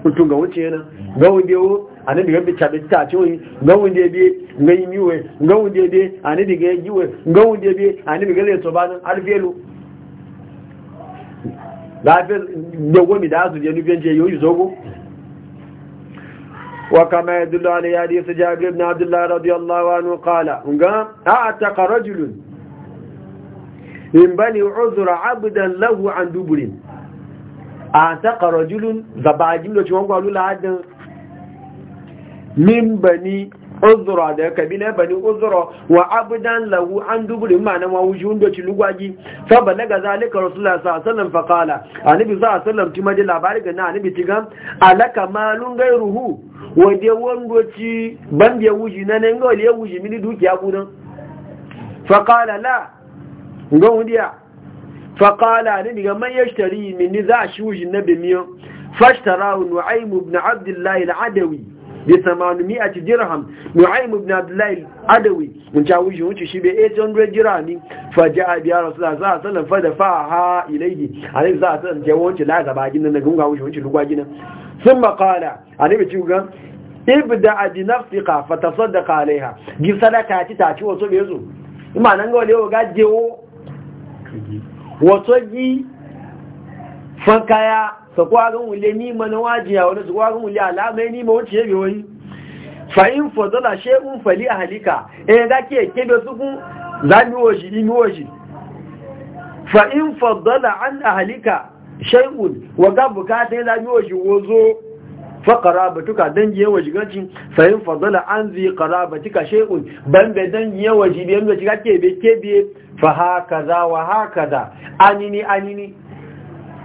mutum ga wuce yana ga wunde wo a nan da bi cabe ta ce wani ga wunde bi ga yi miwe ga wunde bi a ne diga yi giwe ga wunde bi a da diga leso ba nan alfelu lafiyar dogon mi da su je nufin je yi zogo وكما يدل عليه حديث جابر بن عبد الله رضي الله عنه قال أعتق رجل من بني عذر عبدا له عن دبر أعتق رجل زباجم لو شوان قالوا لعدا من بني uzura da kabila bani uzura wa abdan lahu an duburi ma na mawuji wanda ci lugwaji fa balaga zalika rasulullah sallallahu alaihi wasallam fa qala anabi sallallahu alaihi wasallam timaji labari ga na annabi tiga alaka malun gairuhu wa de wongo ci bande wuji na ne ngol ya wuji mini dukiya budan fa qala la ngon dia fa qala ni diga man yashtari min za shi wuji nabi miyo fashtarahu nu'aym ibn abdullah al-adawi bi 800 dirham nu'aym ibn abdullah adawi mun ta wuce wuce shi be 800 dirhami fa ja'a bi rasulullah sallallahu alaihi wasallam fa ha ilayhi alaihi sallam je wuce la gaba gina na gunga wuce wuce lugwa ginin thumma qala annabi ci ga ibda bi nafsika fa tasaddaq alaiha gi sadaka ti ta ci wato be zo ima nan ga wale ga jewo wato gi fankaya su kwagan wule nima na wajiya wani su kwagan wule alamai nima wuce yabe wani fa'in fadola shekun fali a halika ɗaya e za ke kebe sukun zami waje imi waje fa'in fadola an a halika shekun waga bukata ya zami waje wazo faƙara batuka don jiye waje gancin fa'in fadola an zai ƙara batuka shekun ban bai don jiye waje biyan da cika kebe kebe fa haka za wa haka za anini anini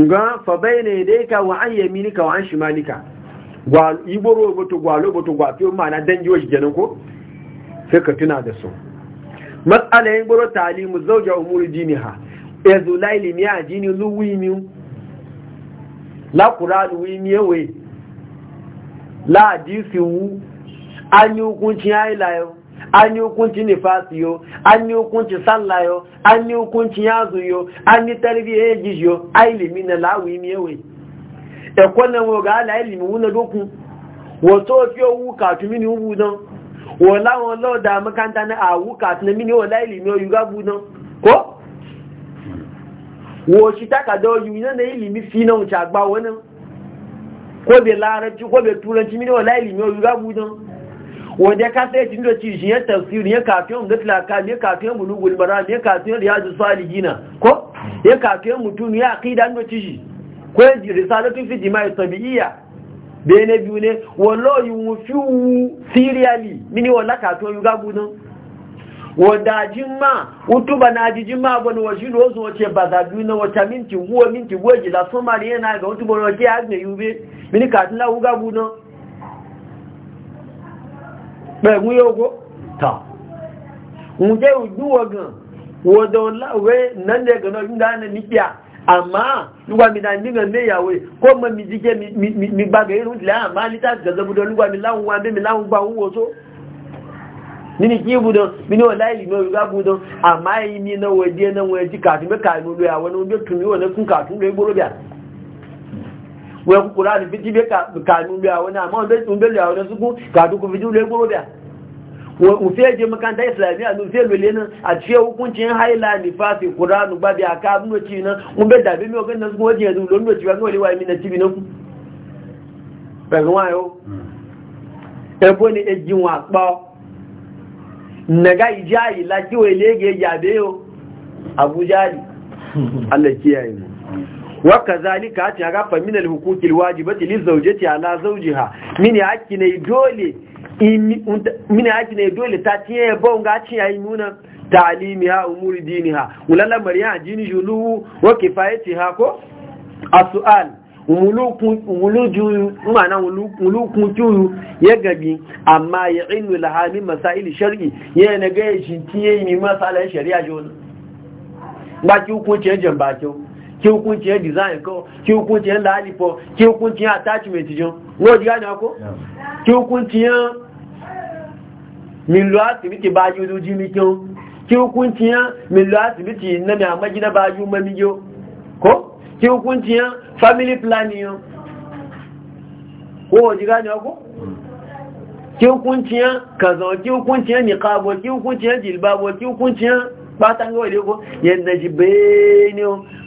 nga fa bayna yadayka wa an yaminika wa an shimalika gwal iboro boto gwalo boto gwafiyo mana danji washi kenan ko sai ka tuna da su mas'ala yin boro talimu zauja umuri diniha ezu laili ni ajini luwimi la qur'an wimi we la hadisi wu an yi hukunci layo an yi hukunci nifasi yo an yi hukunci sallah yo an yi hukunci yazu yo an yi tarbiyyar yaji yo a ilimi na lawi mewe ẹ̀kọ́ e na wọ́n ga ala ilimi wuna dokun wọ́n tó fi owó kàtù mini ubu nan wọ́n láwọn lọ́ọ̀dà makanta na àwú kàtù na mini wọ́n láìlì mi oyuga bu nan ko wọ́n ṣi takàdá oyu iná na ilimi fi náà ṣàgbà wọ́n nan ko bẹ̀ láàrẹ̀ tí kó bẹ̀ turanci mini wọ́n láìlì mi oyuga bu nan wanda ka sai jin da ci ya tafsiri ya kafin gutla ka ne kafin mulugul maram ne kafin riyadu salihina ko ya kafin mutun ya aqida da ci shi ko risalatu fi jima'i tabi'iyya bene biyu ne wallo yun fiu serially mini wala kafin yuga gudan wanda jimma utuba na jimma bani wa shi wasu wace ba za biyu na wata minti huwa minti guwa jila sun yana ga utuba wace ya ne yube mini ka kafin la gudan pẹ̀lú yóò tà ǹjẹ́ òjúwọ̀ gan wọ́dọ̀ láwẹ́ nánlẹ̀ gànà ìdáná nípìá àmá lúgbàmìdá nígbà méyàwó kó mọ́ mi jíjẹ́ mi gbàgbẹ̀ irú ìlẹ̀ àmá lítà wọ́n kúkú láti fi jíbe kàánú lé àwọn náà àmọ́ ìbẹ̀lẹ̀ àwọn ẹ̀sùnkú kàdùkú fi jíbe gbọ́rọ̀ bíà wọ́n fẹ́ je makaranta islamiyya ní fẹ́ lulẹ̀ nan a ce hukuncin haila nifasi kuranu gbabi a ka abin wacce nan mun bai dabe wani ku ni wa naga wọ́n ilé gẹ̀ẹ́gẹ̀ àbẹ́yọ abuja ni allah kiyaye mu وكذلك اتغفى من الحقوق الواجبة للزوجة على زوجها من حقنا دولي من حقنا دولي تاتيه بونغا تيايمونا تعليمها امور دينها وللا مريا دين جلو وكفايتها كو السؤال mulukun tuyu ya gabi amma ya inu lahamin masaili shari'i ya na gaya shi tiye yi masala shari'a jona ba ki hukuncin jan ba kyau kí hukunci yan design ko kí hukunci yan lálìpọ̀ kí hukunci yan attachment jọ wo di gani ko kí hukunci yẹn mìlò àtìmítì ba yóò lójí mi ko kí wọ́n kí hukunci na mi amaji na ba bá yóò mi jo ko kí hukunci yan family planning yo wo di gani ko kí hukunci yan kazo kí hukunci yan nìkabọ̀ kí hukunci yan jìlbabọ̀ kí hukunci yan batan ga wale ko na ji bayani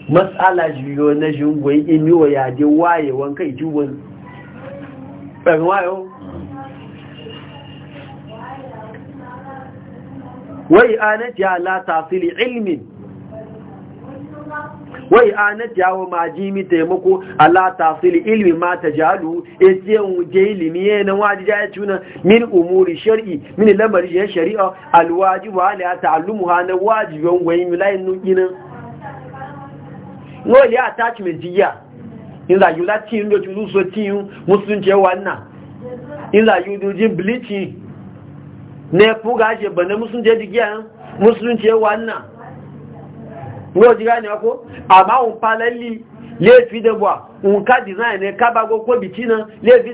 matsala jiyo na jingwai imi wa yade wayewan kai jubon ɓarin wayo wai anati ala tasiri ilmin wai anat yawo majimi taimako Allah tasili ilmi ma tajalu yace e je ilmi ne na wajibi ya tuna min umuri shar'i min lamari ya shari'a alwajibu ala ta'allumuha na wajibin wai milayin nukina ya attachment jiya in za yu lati ndo tu so tin musun je wanna in za yu duji bleaching ne fuga je bane musun je digiya musun je wanna wọ́n jí gáà ní ọkọ́ àmá òun palẹ́ lì léèfì dẹ́bọ̀à òun ká dìzáìnì kábàgbó kóbi tí náà léèfì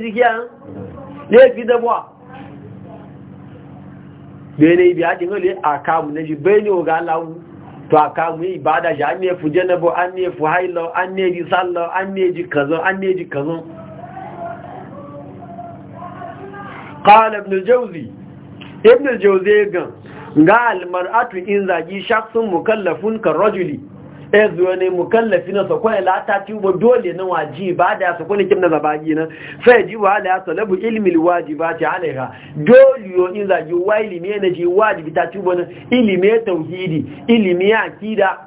ti àkàmù lẹ́jù bẹ́ẹ̀ ní ọ̀gá to jẹ́nẹ́bọ̀ á ní ẹfù háìlọ á ní ẹjì sálọ á ní ẹjì kànzán á ní ẹjì kànzán قال ابن الجوزي ابن الجوزي gan ga almar'atu in zagi shaksun mukallafun kan rajuli ɗaya e zuwa ne mukallafi na sakwai lata tuba dole na waji ba da ya sakwai kim na zabagi na sai ji wa ala ya salabu ilmi waji ba ta alaiha dole yo in zagi wa ilimi na ji wajibi ta tuba na ilimi tauhidi ilimi akida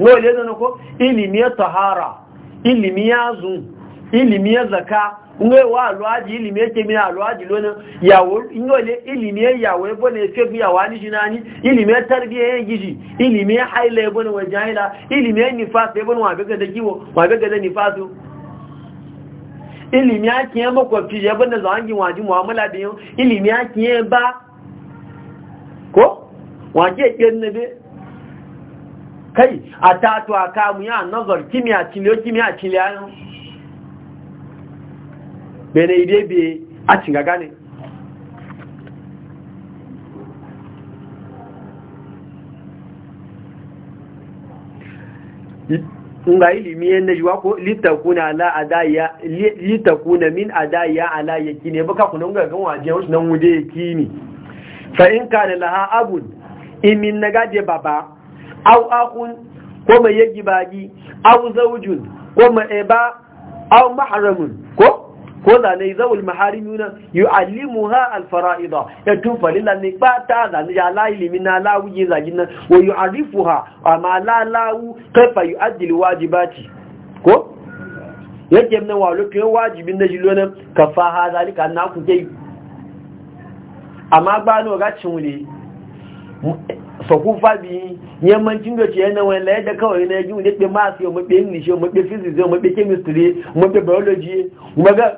ngole zan ko ilimi tahara ilimi Azu ilimi zakka nwe wa alwaji ilimi yake mina alwaji lona yawo ingole ilimi yawo ebo ne fe bi yawo ani jinani ilimi tarbiya ya e giji ilimi haila ebo ne wajahila ilimi nifas ebo ne wa bega da kiwo wa bega da nifasu ilimi ake yan makwabci ya bane za an waji mu'amala da yau ilimi ake yan ba ko waje ke nabe kai a tatuwa kamu ya nazar kimiyya ciliyo kimiyya ciliyo bene ide bi a cinga gane nga ilimi yan najwa ko litakuna ala adaya litakuna min adaya ala yakini baka kuna nga gan waje wasu nan wuje kini fa in kana laha abun in na gaje baba aw akun ko mai yaji bagi aw zawjun ko mai eba aw mahramun ko ko zane zaul maharim yuna yu'allimuha alfara'ida ya tufa lilan ni bata zane ya la ilimi na lawu yi zagin nan wa yu'arifuha amma la lawu kaifa yu'addil wajibati ko yake nan wa lokacin wajibin na jilo nan ha zalika na ku kai amma gbanu ga wuli. sọ̀kún fábí yẹn mọ́ tí ń dọ̀tí ẹ̀nà wọn lẹ́ẹ̀dẹ́ kọ̀wé náà jí wọ́n pé máàsì wọ́n pé english physics chemistry biology wọ́n gẹ́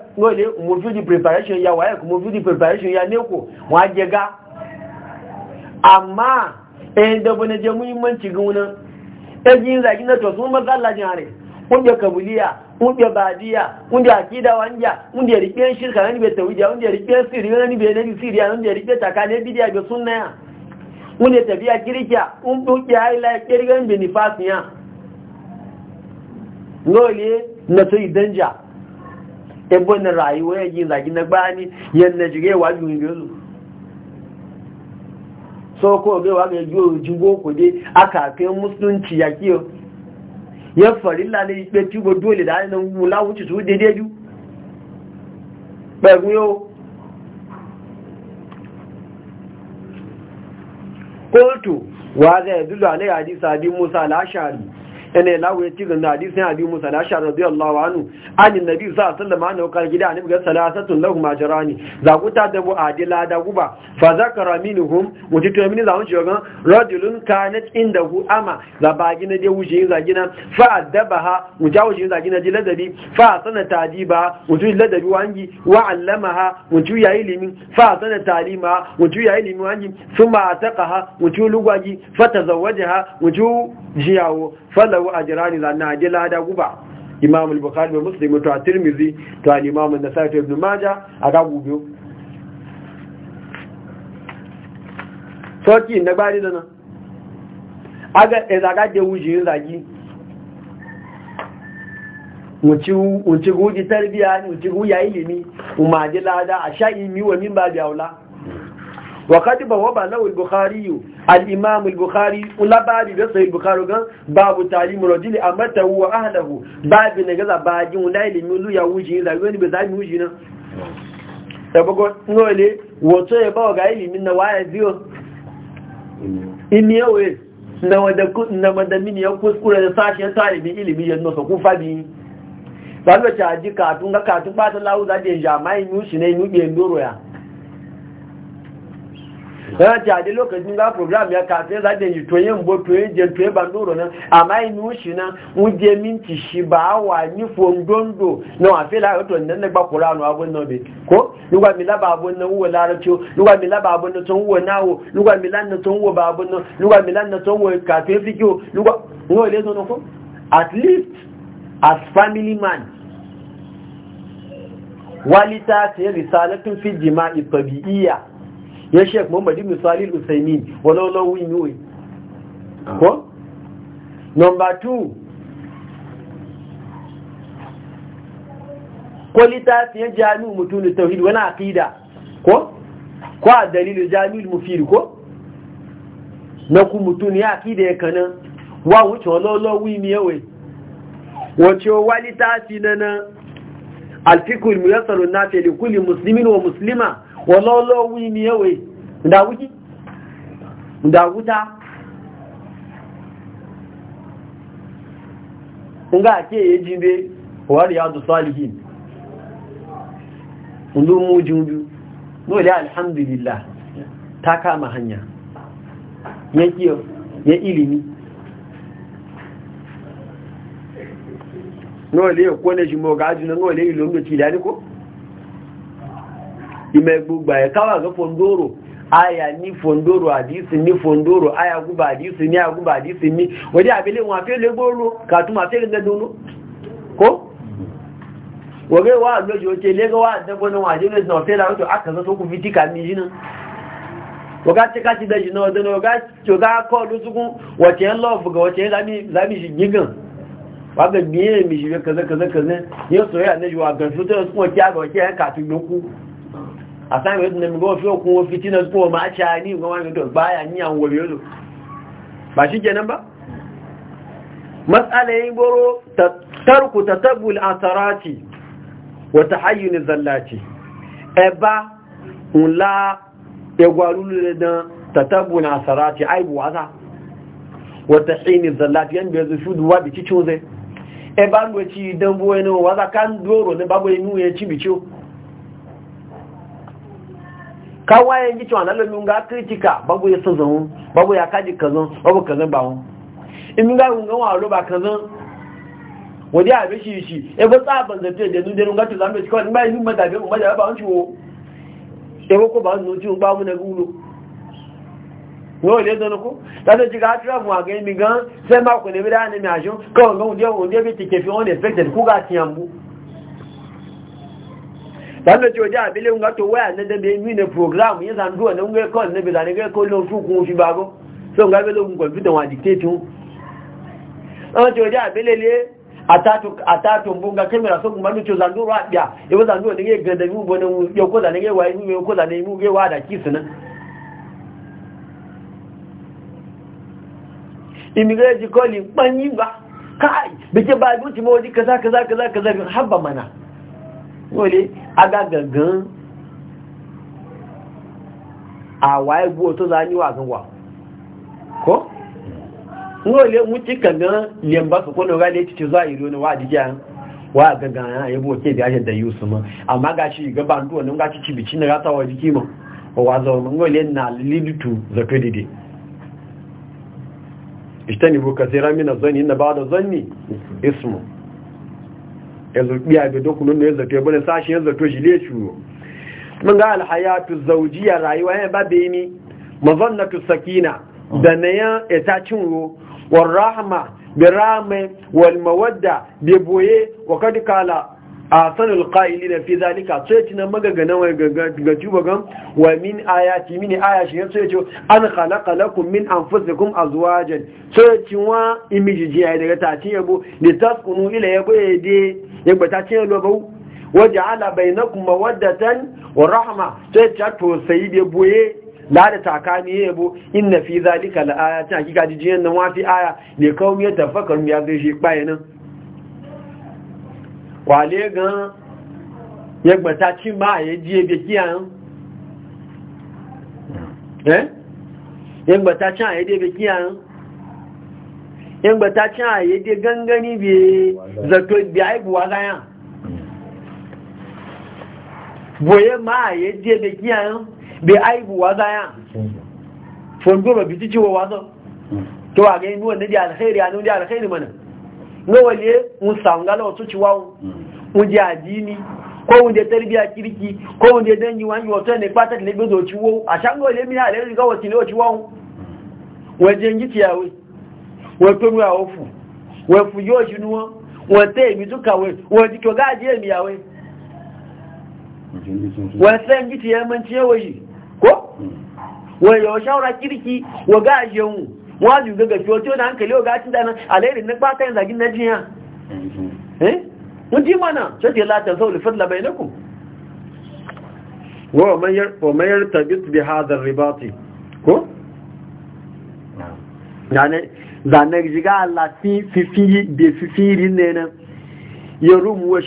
wọ́n fi di preparation ya wáyé kò fi di preparation ya nẹ́kọ̀ wọ́n á jẹ gá àmà ẹ̀yìn dọ̀bọ̀ náà jẹ́ mú yín mọ́ tí gan náà ẹ̀jì ń rà jìnnà kabuliya wọ́n badiya wọ́n akida wanja wọ́n riƙe shirka wani bai tawija wọ́n riƙe siri wani bai nari siriya wọ́n riƙe takane bidiya da sunna wani tafiya kirkiya un ɗauki haila kirgan benifasiya ngole na sai danja ebe na rayuwa ya yi zagi na gbani yadda jire wa yi rilu so ko wa ga yi orujin boko dai aka kai musulunci ya kiyo ya farilla ne ya tubo dole da hannun wula wuce su daidai ju ɓaru yau qultu wa za yadullu alayhi hadith abi musa al-ashari ene lawo ti ga hadisi ne abi musa da radiyallahu anhu an annabi sallallahu alaihi wasallam annahu kan gida annabi ga salasatun lahum ajrani za ku ta bu adila da guba fa zakara minhum wuti to min za mu ci ga rajulun kanat indahu ama za ba gina wuje wuce za gina fa adabaha mujawji za gina ladabi? fa sana tajiba wuti ladabi wangi wa allamaha wuti ya ilimi fa sana talima wuti ya ilimi wangi suma ataqaha wuti lugwaji fa tazawwajaha wuti jiyawo fa lahu ajrani na je lada guba imam al-bukhari muslim to at-tirmidhi to al-imam an-nasa'i to ibn majah aga gubo soki na gbari dana aga ezaga de wuji zagi mu ci guji tarbiya mu ci guya ilimi mu ma je lada a sha'imi wa min ba biya ula. وقد بواب له البخاري الإمام البخاري ولا بعد بيصل البخاري باب تعليم الرجل أمته وأهله باب نجزا باجي ولا يلملو يا وجي لا يوني بزاي وجينا تبغى نقولي wato ya ba wa ga ilimin na waya biyo imi yawe na madamini ya kuskure da sashen talibin ilimin yanzu su kun fabi ba lo caji katun ga katun ba ya ce a lokacin ga program ya kafin za da yi toyin bo toyin je toyin bandoro nan amma inu shi nan wuje minti shi ba wa ni fondondo na wa fela ga to nan gba qur'anu abun nan be ko lugwa mi laba abun nan lara larabci lugwa mi laba abun nan ton wo nawo lugwa mi lan nan ton wo ba abun nan lugwa mi lan nan ton wo kafin fikio lugwa no le zo ko at least as family man walita ce risalatun fi jima'i tabi'iyya ya shek muhammad ibn salil usaimin walau lau yin yi ah. ko? Nomba two ko littafin jami'u mutum tauhid wani aqida ko? ko a dalilin jami'ul mufiri ko? na ku mutum ya aqida ya kanan wa wuce walau lau yin yawai wace wa littafi na na alfikul muyassarun nafi likulli muslimin wa muslima wọlọ́lọ́wọ́ ìmìyànwé ìdàwújí ìdàwújá ńgá àti èyí jíbe wàrí yàtò sọ́lìhì ìlú mú jùlú lórí alhamdulillah ta kama hanya ya ya ilimi náà lè kó ní ṣe mọ̀ gáájú ìlú mú ti ìdáríkó ime gbogbo ya kawa ga fondoro aya ni fondoro hadisi ni fondoro aya guba hadisi ni aguba hadisi ni wadi abele wọn fẹ́ lẹ́gbọ́rọ̀ kàtún ma fẹ́ gẹ́gẹ́ dúnú kó wọ́gẹ́ wà lójú oúnjẹ lẹ́gẹ́ wà wọn àdínú ìsìn ọ̀fẹ́ láwọn tó akẹ́sọ́ tó kù fi tíkà mi yínú wọ́gá tí ká ti dẹ̀ jìnà ọdún wọ́gá tí ó ká kọ́ lóṣùkún wọ̀tẹ̀ ń lọ́ọ̀fù gan wọ̀tẹ̀ lámì gígàn wàgbẹ̀ gbìyànjú mi ṣe yóò sọ assignment na mi go fi okun o fitina ko ma cha ni go wa to baya ni an wo yodo ba shi kenan ba mas'ala yin goro tarku tatabul wata wa ne zallati eba nla egwarulu le dan tatabul atarati aibu Wata wa ne zallati yan bezu fudu wa bici chunze eba nwe ci dan bo eno wasa kan doro ne babo inu ya ci bici kawayen gicin alalami ga kritika babu ya sazan babu ya kaji kazan babu kazan ba wọn Imi ga rungan wa roba kazan wadi a bi shi shi e, e ba tsaban da tuye da nudin rungan to zambe cikin wani ma yin madabe mu madabe ba wanci wo e ba ko ba wani nuci ba mu na gulo no le zan ko ta da jiga atra mu ga mi gan sai ma ko ne bi da ne mi ajo ko ngon je on je bi tike fi on expected ku ga tiyambu banda ce wajen abin ga to waya na dabe mi ne program ya zandu wa nan ga kawai na bela ne ga kawai na su kun fi bago sun ga bela kun kwamfuta wa dictatin an ce wajen abin le a atatu bunga kamera so kuma nuce zandu ruwa ɗaya ya ba zandu wa ne ga gada mi ubo na ya koza ne ga wa yi mu ya koza ne mu ga wa da kisi nan imireji koli ɓanyi ba kai bikin ba abinci mawaji kaza kaza kaza kaza har ba mana wọ́n agagagan àwà ẹgbó tó za a gan wà kọ́ wọ́n lè mú tí kàgán lèmbá sọ̀kọ́ lọ́rọ̀ lè ti zuwa ìlú ni wà jíjá wà gangan àyẹ̀bó tí ìdí ajẹ́ da yóò súnmọ́ àmá gashi ìgbẹ́bà ń dúwọ̀n nígbà cici na rátàwọ̀ jiki na da ismu yanzu biya a bedo nuna ya zato ya bane sashi ya zato shi ne shuro mun ga alhayatu zaujiya rayuwa ya babe ni mazannatu sakina da na ya etacin ro war rahma bi rahma wal mawadda bi boye wa kad kala asanul qa'ilina fi zalika sai ci nan magagana wa ga juba gam wa min ayati min ayashi sai ci an khalaqa lakum min anfusikum azwajan sai ci wa imiji ji daga daga tace yabo taskunu ila yabo yade yagbata ce lobau waje ala bai na kuma waddatan wa rahama sai ta tosai bai boye la da takami ya bo inna fi zalika la ayatin hakika jijiyan nan wafi aya ne kawo ya tafakar ya zai shi kpaye nan wale gan gbata ci ma ya jiye da nan eh gbata ci a ya da nan in ba ta cin a yadda gangani bai zato bai haifuwa gayan boye ma a yadda da kiyayen bai haifuwa gayan fondoro bi ciwo wazo to a gani nuwa na di alkhairi a nuna di alkhairi mana nawa ne mun samu gala wasu ciwawo mun ji adini ko mun je tarbiya kirki ko mun je dangi wani wato ne fatar da lebe zo ciwo a shan gawa lebe ne a lebe ga wasu ne wa ciwawo wajen giciya wọ́n tó a ó fù wọ́n fù yóò ṣinú wọn yọ̀ ṣáwọ́ra kíríkì wọ́n gáà yẹun wọ́n á jù gẹ́gẹ́ fi ọjọ́ náà ń kẹ̀lé tí dáná àlẹ́ nípa tẹ́yìn zàgí náà jiyàn wọ́n jí mọ́nà tó ti látẹ̀ ti zanen jiga Allah da fifirin ne nan ya rumuwa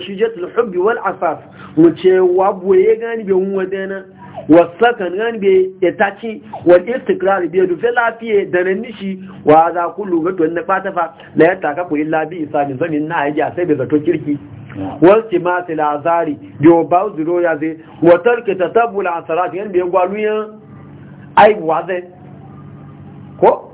shi jatul hubbi wal asaf wuce wabuwa ya gani bai wunwa dana wasakan gani bai ya taci wal istikrar bai dufe lafiye da nan nishi wa za ku lura to ta fa da ya taka ku illa labi isa min zamin na ajiya sai bai zato kirki ma su lazari bai ba zuro ya zai ta tarki a asarat yan bai gwaluyan aibuwa zai ko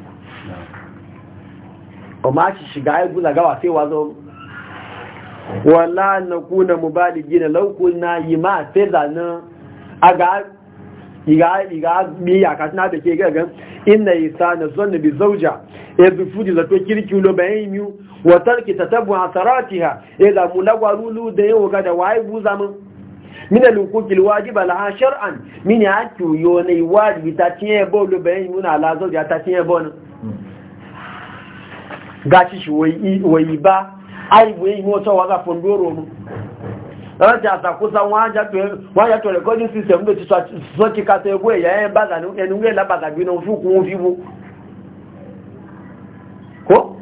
amma shi shiga ya guna gawa sai wazo wala na kuna mubaligi na laukun na yi ma sai zanen a ga iga biya ka suna da ke gagan inna sa na zonna bi zauja ya e zufu da zato kirki lo bayan yi miyu watar ki ta tabu hasaratiha ya e zamu lagwarulu da yawa ga da waye buza min min alhukukil wajiba laha shar'an min ya kiyo ne wajibi ta tiye bo lo bayan yi muna la zauja ta tiye bo nan gashi shi wai ba ai wai mota waza fondoro mu ọjà àtàkúsá wọ́n yà tó recording system ló ti sọ ti ká tẹ ẹgbẹ́ ẹ̀yà ẹ̀bàzà ẹnu wé lábàzà gbínú fúnkún fífú kó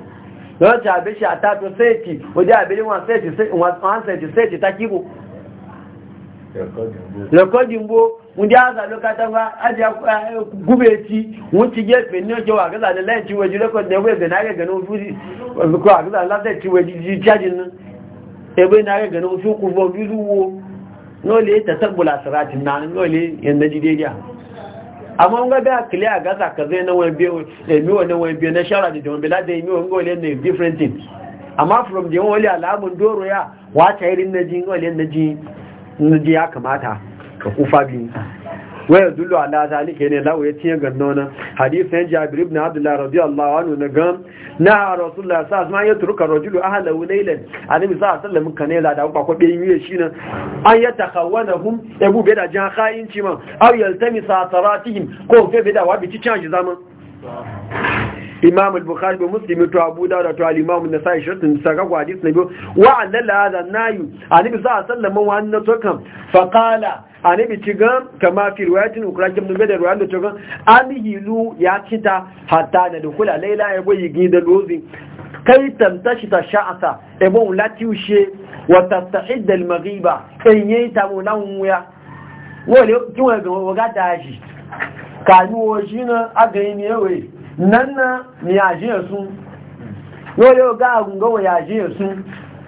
lọ́jà àbẹ́ṣẹ́ àtàtò sẹ́ẹ̀tì òjá àbẹ́lẹ́ seti ta ki takíbò recording gbó wunde aza lokata ba aje eh, gubeci wunci gefe ne ke wa gaza da lanci waje rekod da na ga ganin fuzi ko a gaza lafta ci waje ji cajin nan e na ga ganin su ku bo no le ta tabbula siratin nan no le ji dai ya amma nga a kile a gaza ka zai na wani biyo e mi wani wani biyo na shara da jama'a da mi wani gole ne different thing amma from the wani alamun doro ya wata irin na ji ngole na ji ya kamata ka kufa biyu waya dullu ala zalika ne lawo ya tiyan ganno nan hadisin jabir ibn abdullah radiyallahu anhu na gam na rasulullah sa asma ya turka rajulu ahlahu laylan annabi sa sallam kane la da kwa kwabe yiye shi nan an ya takawanahum abu beda jan khayinci man aw yaltamisa saratihim ko fe beda wa bici change zaman imam al-bukhari bi muslim to abu dawud to al-imam an-nasa'i shartin saka hadis nabi wa annala hadha nayu annabi sa sallam wa annatu kam fa qala anabi ci gan kama fi riwayatin ukra kim dube da ruwan da ci gan hilu ya cita hatta na dukula laila ya boyi gini da lozi kai tantashi ta sha'asa e lati ushe wa tatahid al maghiba in e yi ta mu nan wuya wole kin wa ga waga Ka kanu wo shi na aga yi ne we nan na ni aje su wale ga ngo ya aje su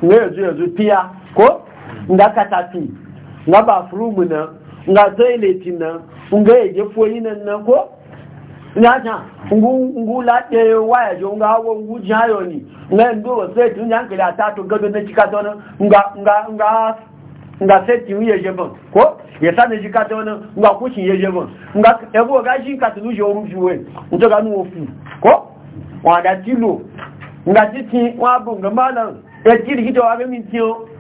ne yanzu yanzu tiya ko ndaka katati nga bathroom na nga toilet na nga eje foyi na ko nga ta ngu ngu la de waya jo nga wo ngu jayo ni nga ndo se tu nya tatu gado na nga nga nga nga je ko ne na nga ye nga ebo ga ka tu jo ru nto ga nu ofu ko wa da tilo nga titi wa bu nga e wa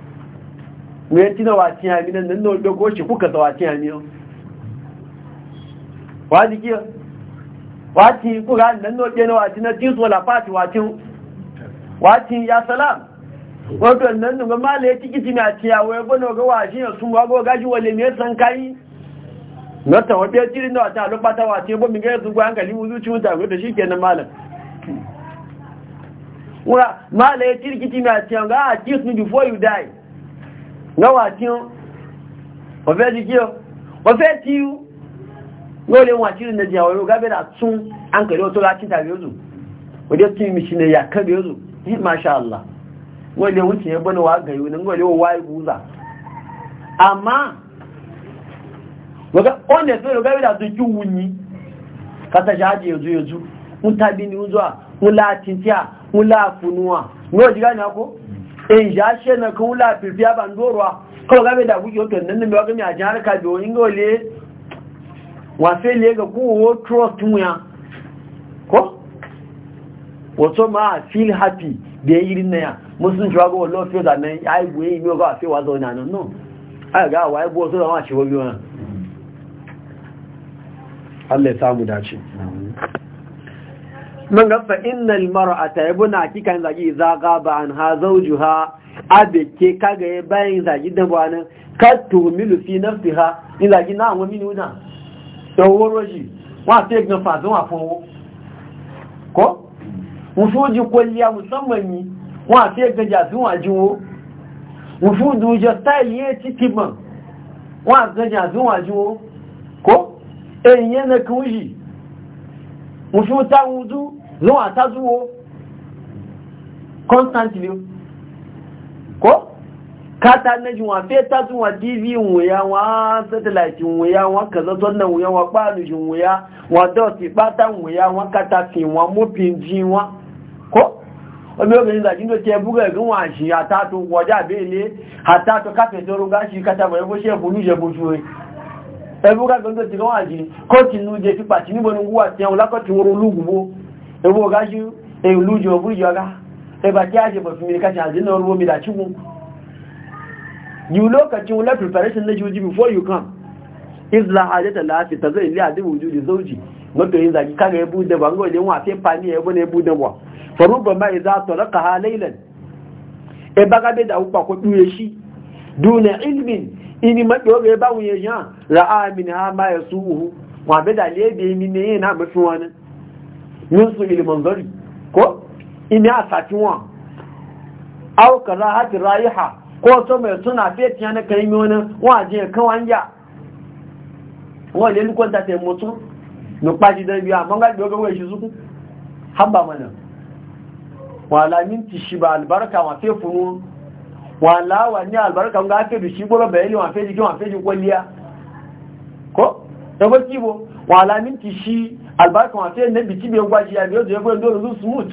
me yanti na wacin yami nan nan da ko shi kuka ta wacin yami yau waji kiyo waci kuka nan da ɗaya na wacin na tinsu wala fati wacin wacin ya salam wato nan da ma la yati kiti na ciya wai bano ga wacin ya sun wago gaji wale me san kai na ta wata jirin da wata lubata wace bo mi ga yanzu gwa hankali mu zuci mun ta da shikenan malam Ura, mala ya tirkiti na ciyan ga a kiss me before you die. lọ́wà tí ó wọ́n fẹ́ jí kí ó wọ́n fẹ́ tí ó yóò lè wọ́n àti ìrìnà jẹ́ àwọn ológa bẹ́ẹ̀ tún an kẹ̀lẹ́ tó masha Allah wọ́n lè wọ́n ti yẹn bọ́nà wà yi yìí wọ́n lè wá ìwú zà àmá wọ́n lè fẹ́ ológa bẹ́ẹ̀ tó jú wù ní kátàṣà á di yanzu yanzu ń tàbí ní ń zọ́ à ń láti tí in ja she na kun la fifiya ban dorwa ko gabe da ku yo to nan me mi a jan ka do ingo le wa fe le ga ku wo trust mu ya ko wato ma feel happy da irin na ya musun shago wallo fe da nan ai buye mi ga fe wa zo na nan no ai ga wa ai bo so da ma shi wo biyo mm. Allah ya samu dace. mun ga fa innal mar'ata yabuna kikan zagi za gaba an ha zawjuha abeke kaga ya bayin zagi da bwana kattu milu fi nafsiha ni zagi na wa minu na to woroji wa take na fa zon afo ko mufuji kulliya musamman ni wa take ga jasun ajiwo mufudu je style ye titiman wa ga jasun ajiwo ko eyin na kuji mufuta wudu no atazuwo constantly ko kata na jin fe ta zuwa wa tv wuya wa satellite wuya wa kaza to wuya wa palu jin wa dot pata wuya wa kata fin wa mo pin jin wa ko omi obìnrin ìdàjí ló tẹ búrẹ̀ gún wọn àṣì àtàtò wọ̀já àbẹ́lé àtàtò káfẹ̀ẹ́sọ orógá sí kátàbọ̀ ẹgbó ṣe ẹ̀bùn ní ìṣẹ́bùn ṣúwẹ́ ẹgbó kágbẹ́gbẹ́ ti rán àjì kó tìǹú jẹ́ pípàtì níbo ni wúwà tí ẹun lákọ̀tí wọn olúgbùgbó ebo gaju e lujo bujo ga e ba jaje ba fi mirka na jinna ruwa mi da cikin you lokacin wala preparation na juji before you come izla hajata la fi tazai li adi wujudi zawji mato yin zaki kaga ya bude ba ngo den wa fe pani ya bune bude ba faruba ma idza ha laylan e baga be da upa ko duye shi duna ilmin ini ma dobe ba wuye ya ra'a min ha ma yasuhu wa be da lebe mi ne na mutsuwa ne Minsu ilmanzari ko imi a sati wọn au kaza hati ko to mai suna fetiya na karimi wani waje kawan ya wọ́n lè ní kọ́ntà tẹ̀ mọ́ tún ní pàtí dẹ̀bí àmọ́gbàgbé ọgọ́wọ́ ìṣìzúkú hamba mana wọ́n alámin ti ṣe bá albarka wọ́n fẹ́ fún wọn wọ́n aláwà ní albarka wọ́n gáfẹ́ bí ṣí gbọ́rọ̀ bẹ̀ẹ́lì wọ́n fẹ́ jíkí wọ́n fẹ́ jí kwalliya ko ẹgbẹ́ kíbo wọ́n alámin ti shi. albarka wọn tí biki tí bí ya gbájí àbí ó dẹ̀ẹ́gbẹ́ ló rú smooth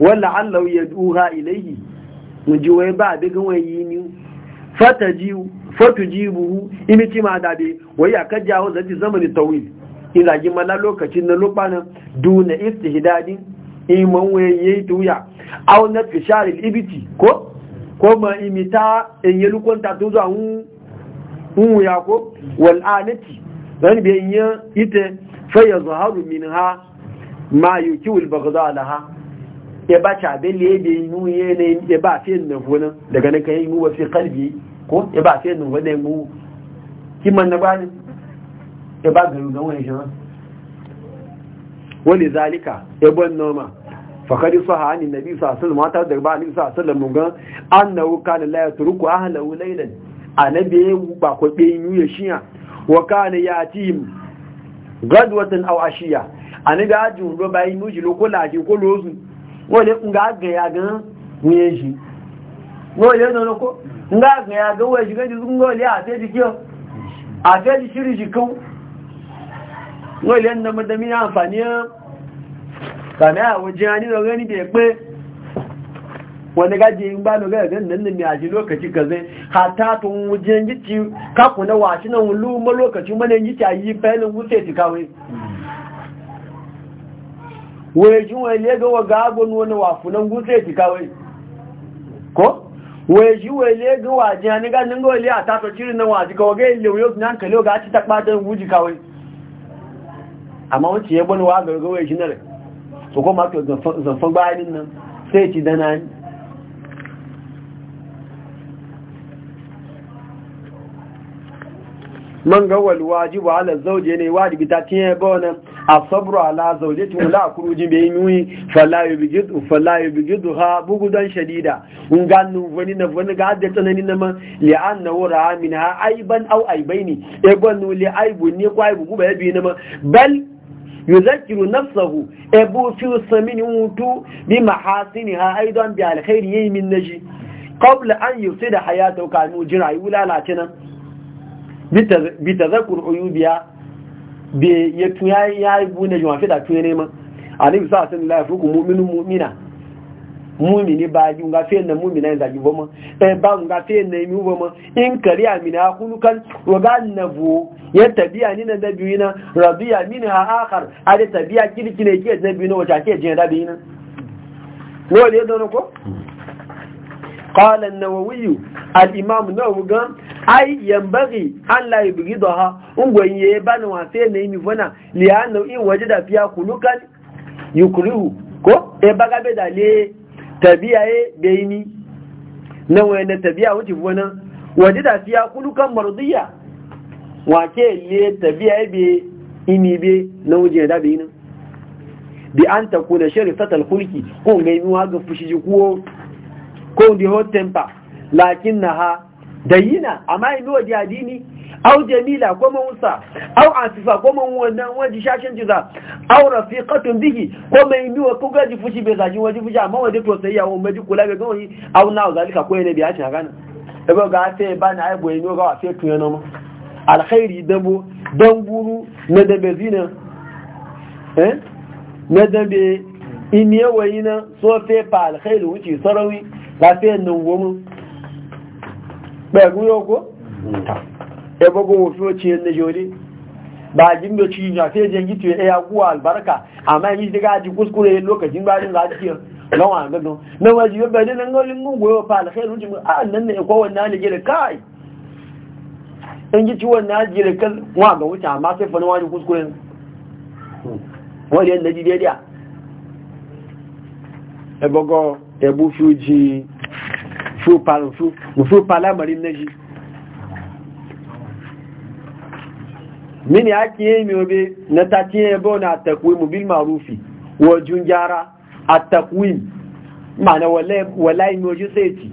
wọ́n la'allau yẹ dúha iléyìí ǹjí wọ́n bá àbígán wọ́n yìí ni buhu imi ma dàbí wọ́n yà kájá wọ́n zai zamani tawil ìlàjí mana lokacin na lópanin duna istihidadin iman wọ́n yẹ tuya au na fishari ibiti ko ko ma imita in yi lukunta tó zuwa hun ya ko wal'anati wani bai yi ita faya zuharu min ha ma e yi kiwul bagza da ha ya ba cabin da ya bai yi nuye ne ya ba fiye na hunan daga nan ka yi nuwa fi kalbi ko ya e ba fiye na hunan mu ki man na ba ne ya ba garu ga wani shirin wani zalika ya e bon noma fakari su hani nabi sa sallam ta da ba nabi sa sallam mun ga annahu kana la yatruku layar turuku annabi ba ko be yu ya shiya wa kana yatim gadwatan aw ashiya annabi ajun do bayi nuji lo ko laji ko lozu wole nga ga ya gan nyeji wole no ko nga ga ya ga weji ga ngoli a te dikyo a te di shiri jikau wole nan madami amfani kana waje ani do gani be pe wani gaji yin ba nuga ga nan ne miyaji lokaci ka zai hata tun wujen gici kaku na washi nan wulu ma lokaci mana yi ta yi fayanin wuce ti kawai wajin wani le ga waga agon wani nan wuce ti kawai ko wajin wani le ga wajen ya ni ganin ga wani a tato cirin na waji ga waga yin lewiyo su nan kalewa ga ci ta kpatan wuji kawai amma wuce ya bani wa ga ya shi na rai kuma aka zafan bayanin nan sai ci dana ne man ga wal wajibu ala zawji ne wajibi ta tiye bona asabru ala zawjati la kuruji be yuni fala yubidu fala yubidu ha bugudan shadida nganu wani na wani ga da tsanani na man li anna wara minha aiban aw aibaini e gonu li aibu ni ko aibu gube bi na man bal yuzakiru nafsahu ebu fi samini mutu bi mahasiniha aidan bi alkhairi yayi min naji qabla an yusida hayatahu kanu jira yulala tinan bita zakur uyubiya be ya tuya ya yi bune jima fi da ne ma. alayhi sa sun la fuku mu'minu mu'mina mu'mini ba ji nga fe na mu'mina da ji bomo e ba nga fe na mi bomo in kariya mina hulukan wa gannabu ya tabiya ni na da biyu na rabiya minha akhar ada tabiya kili-kili kirkine ke da biyu na wata ke jin da biyu na wole dono ko قال النووي الإمام النووي قال أي ينبغي أن لا يبغضها أنه يبان وفين يمفنا لأنه إن وجد فيها خلقا يكره كو يبغى بدا ليه تبيعه بيني نوى أن تبيعه وتفونا وجد فيها خلقا مرضية وكي ليه تبيعه بيني بي نوجه دا بينا بأن تكون شرفة الخلق قوم يموا قفشي جكوه ko the hot temper lakin na ha dayina amma inu wa diyadini au jamila ko mawusa au asifa ko man wannan waji shashin jiza au rafiqatun bihi ko mai inu wa kuga ji fushi bai zaji waji fushi amma waje to sai yawo maji kula bai gawani au na zalika ko ne biya ta gana ebe ga sai ba na aibo inu ga wa sai tuyano ma alkhairi dabo dan buru na dabe zina eh na dabe in yawayina so fe pa alkhairu wuce sarawi láti ẹ̀nà wọ́mú pẹ̀lú ọkọ́ ẹgbogbo òfin ó ti ẹ̀nà yorí ba a jimbe ci yi yafe jen gito ya guwa albarka amma yi daga ji kuskure lokacin bayan lafiyar lawan gado na waje yau bai fa a nan ne na da ga fa wani kuskure mm. ji ẹ̀bú fi ó jí fún palamari méjì mini ake yi mi obe na tati ebe na takwim bil marufi wajen gyara a takwim mana wala imi oji sai ci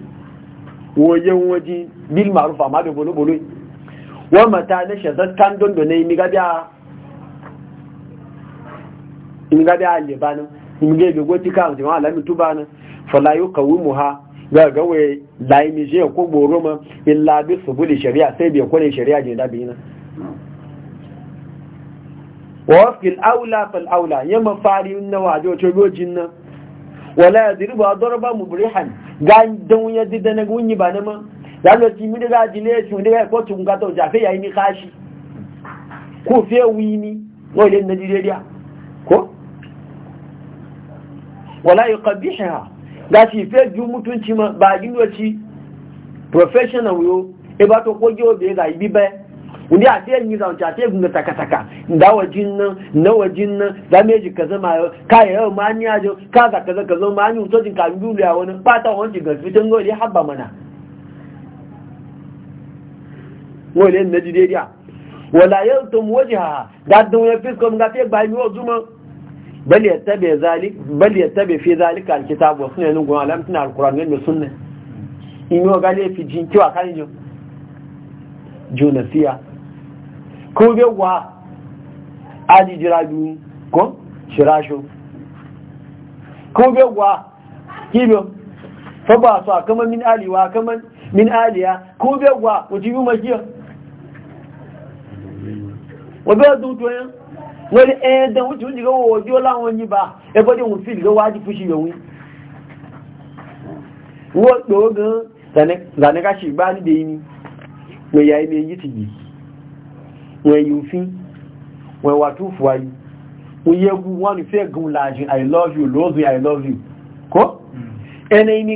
wajen waje bil marufa ma da bolo-bolo wọn mata na shazat kan dondo na imigabi a alibanin imge be goti ka amti ma lami tubana fala yuqawimuha ga ga we lai mi je ko boro ma illa bi subuli shari'a sai bi ko ne shari'a je da bina wa fi al-aula fal aula yamma fari na wajo to gojin nan wala yadriba darba mubrihan ga dan ya dida na gunyi ba na ma ya lo ti mi da ji le tun da ko tun ga to ja fe yayi ni kashi ko fe wi ni wo le na di dia ko wala yuqabbiha da shi fe ju mutunci ma ba ginwaci professional yo e ba to ko jo be ga ibi be ndi a te ni za ta te gunga taka taka nda wajin nan na wajin nan da me ji kaza ma ka ya ma ni ajo ka za kaza kaza ma ni to jin ka ndu ya wani ba ta wani ga fitin gole habba mana wole ne ji dai ya wala yaltum wajha da dun ya fisko mun ga te ba mi o zuma bal ya tabe fi zalika alkitab wa sunnah ngun alam tin alquran ne sunna ino gale fi jinki wa kan jo jonasiya ko be wa adi jiraju ko shirashu ko be wa kibo fa ba so kama min aliwa kama min aliya ko be wa wuti mu makiya wa be du to yan wọ́n ẹ̀ẹ́dẹ̀ eh, wọ́n ti jìgọ́ ojú láwọn yíba ẹgbọ́dí òun sí ìlú wájú fún ṣíyọ̀ wọ́n pè ó zanikashi gbá níbi yìí wọ́n ya ime yìí ti yìí wọ́n yìí òfin wọ́n wà tó fún ayé wọ́n yẹ gu wọ́n fẹ́ gun i love you love you i love you kọ́ ẹni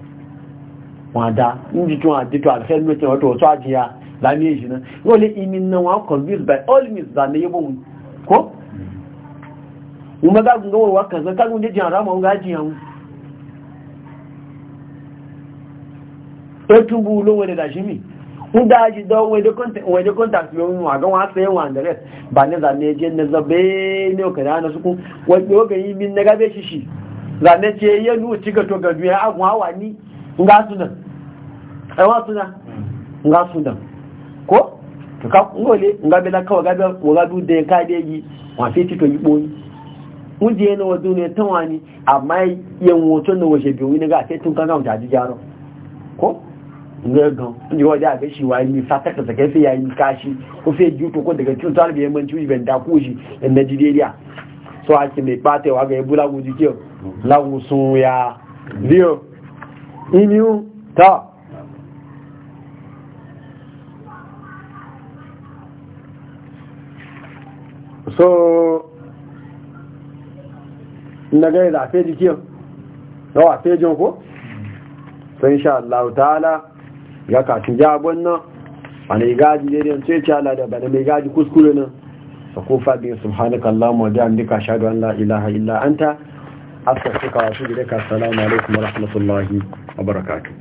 wada ndi tun adi to alhel metin wato wato ajiya lami na, wale imin nan wa convinced by all means da ne yabo ko in ba ga wa kaza ka gunje rama ga ji yan etu bu lo wele da shimi un da da wele contact wele contact lo mu wa sai ba ne za ne zabe ne ka da na suku wa ga yi min na ga be shi shi za ne ce yanu ci ga to ga duya agun hawani nga sunan aiwa suna nga sunan ko to ka ngole nga bela ka waga waga du de ka de yi wa fi ti to yi boyi unje ne wa wani, tawani amma yan woto na waje biyu ne ga sai tun kan ga mu jaji jaro ko ne ga ni wa a ga shi wa ni fa ta ta kai ya yi kashi ko sai ju to ko daga tun talbi yan manci ban da ku shi in na jideliya so a ce mai batewa ga ya bula guji kiyo lawu sun ya biyo iniu ta so na gani da afeji kiyo na wa ku ko so insha Allah ta'ala ya kafin jabon nan a igaji da daidai ce ce ala da bane mai gaji kuskure nan sa biyu, fadin subhanakallahumma wa bihamdika ashhadu an la ilaha illa anta haka suka wasu gida ka salamu alaikum wa rahmatullahi wa barakatuh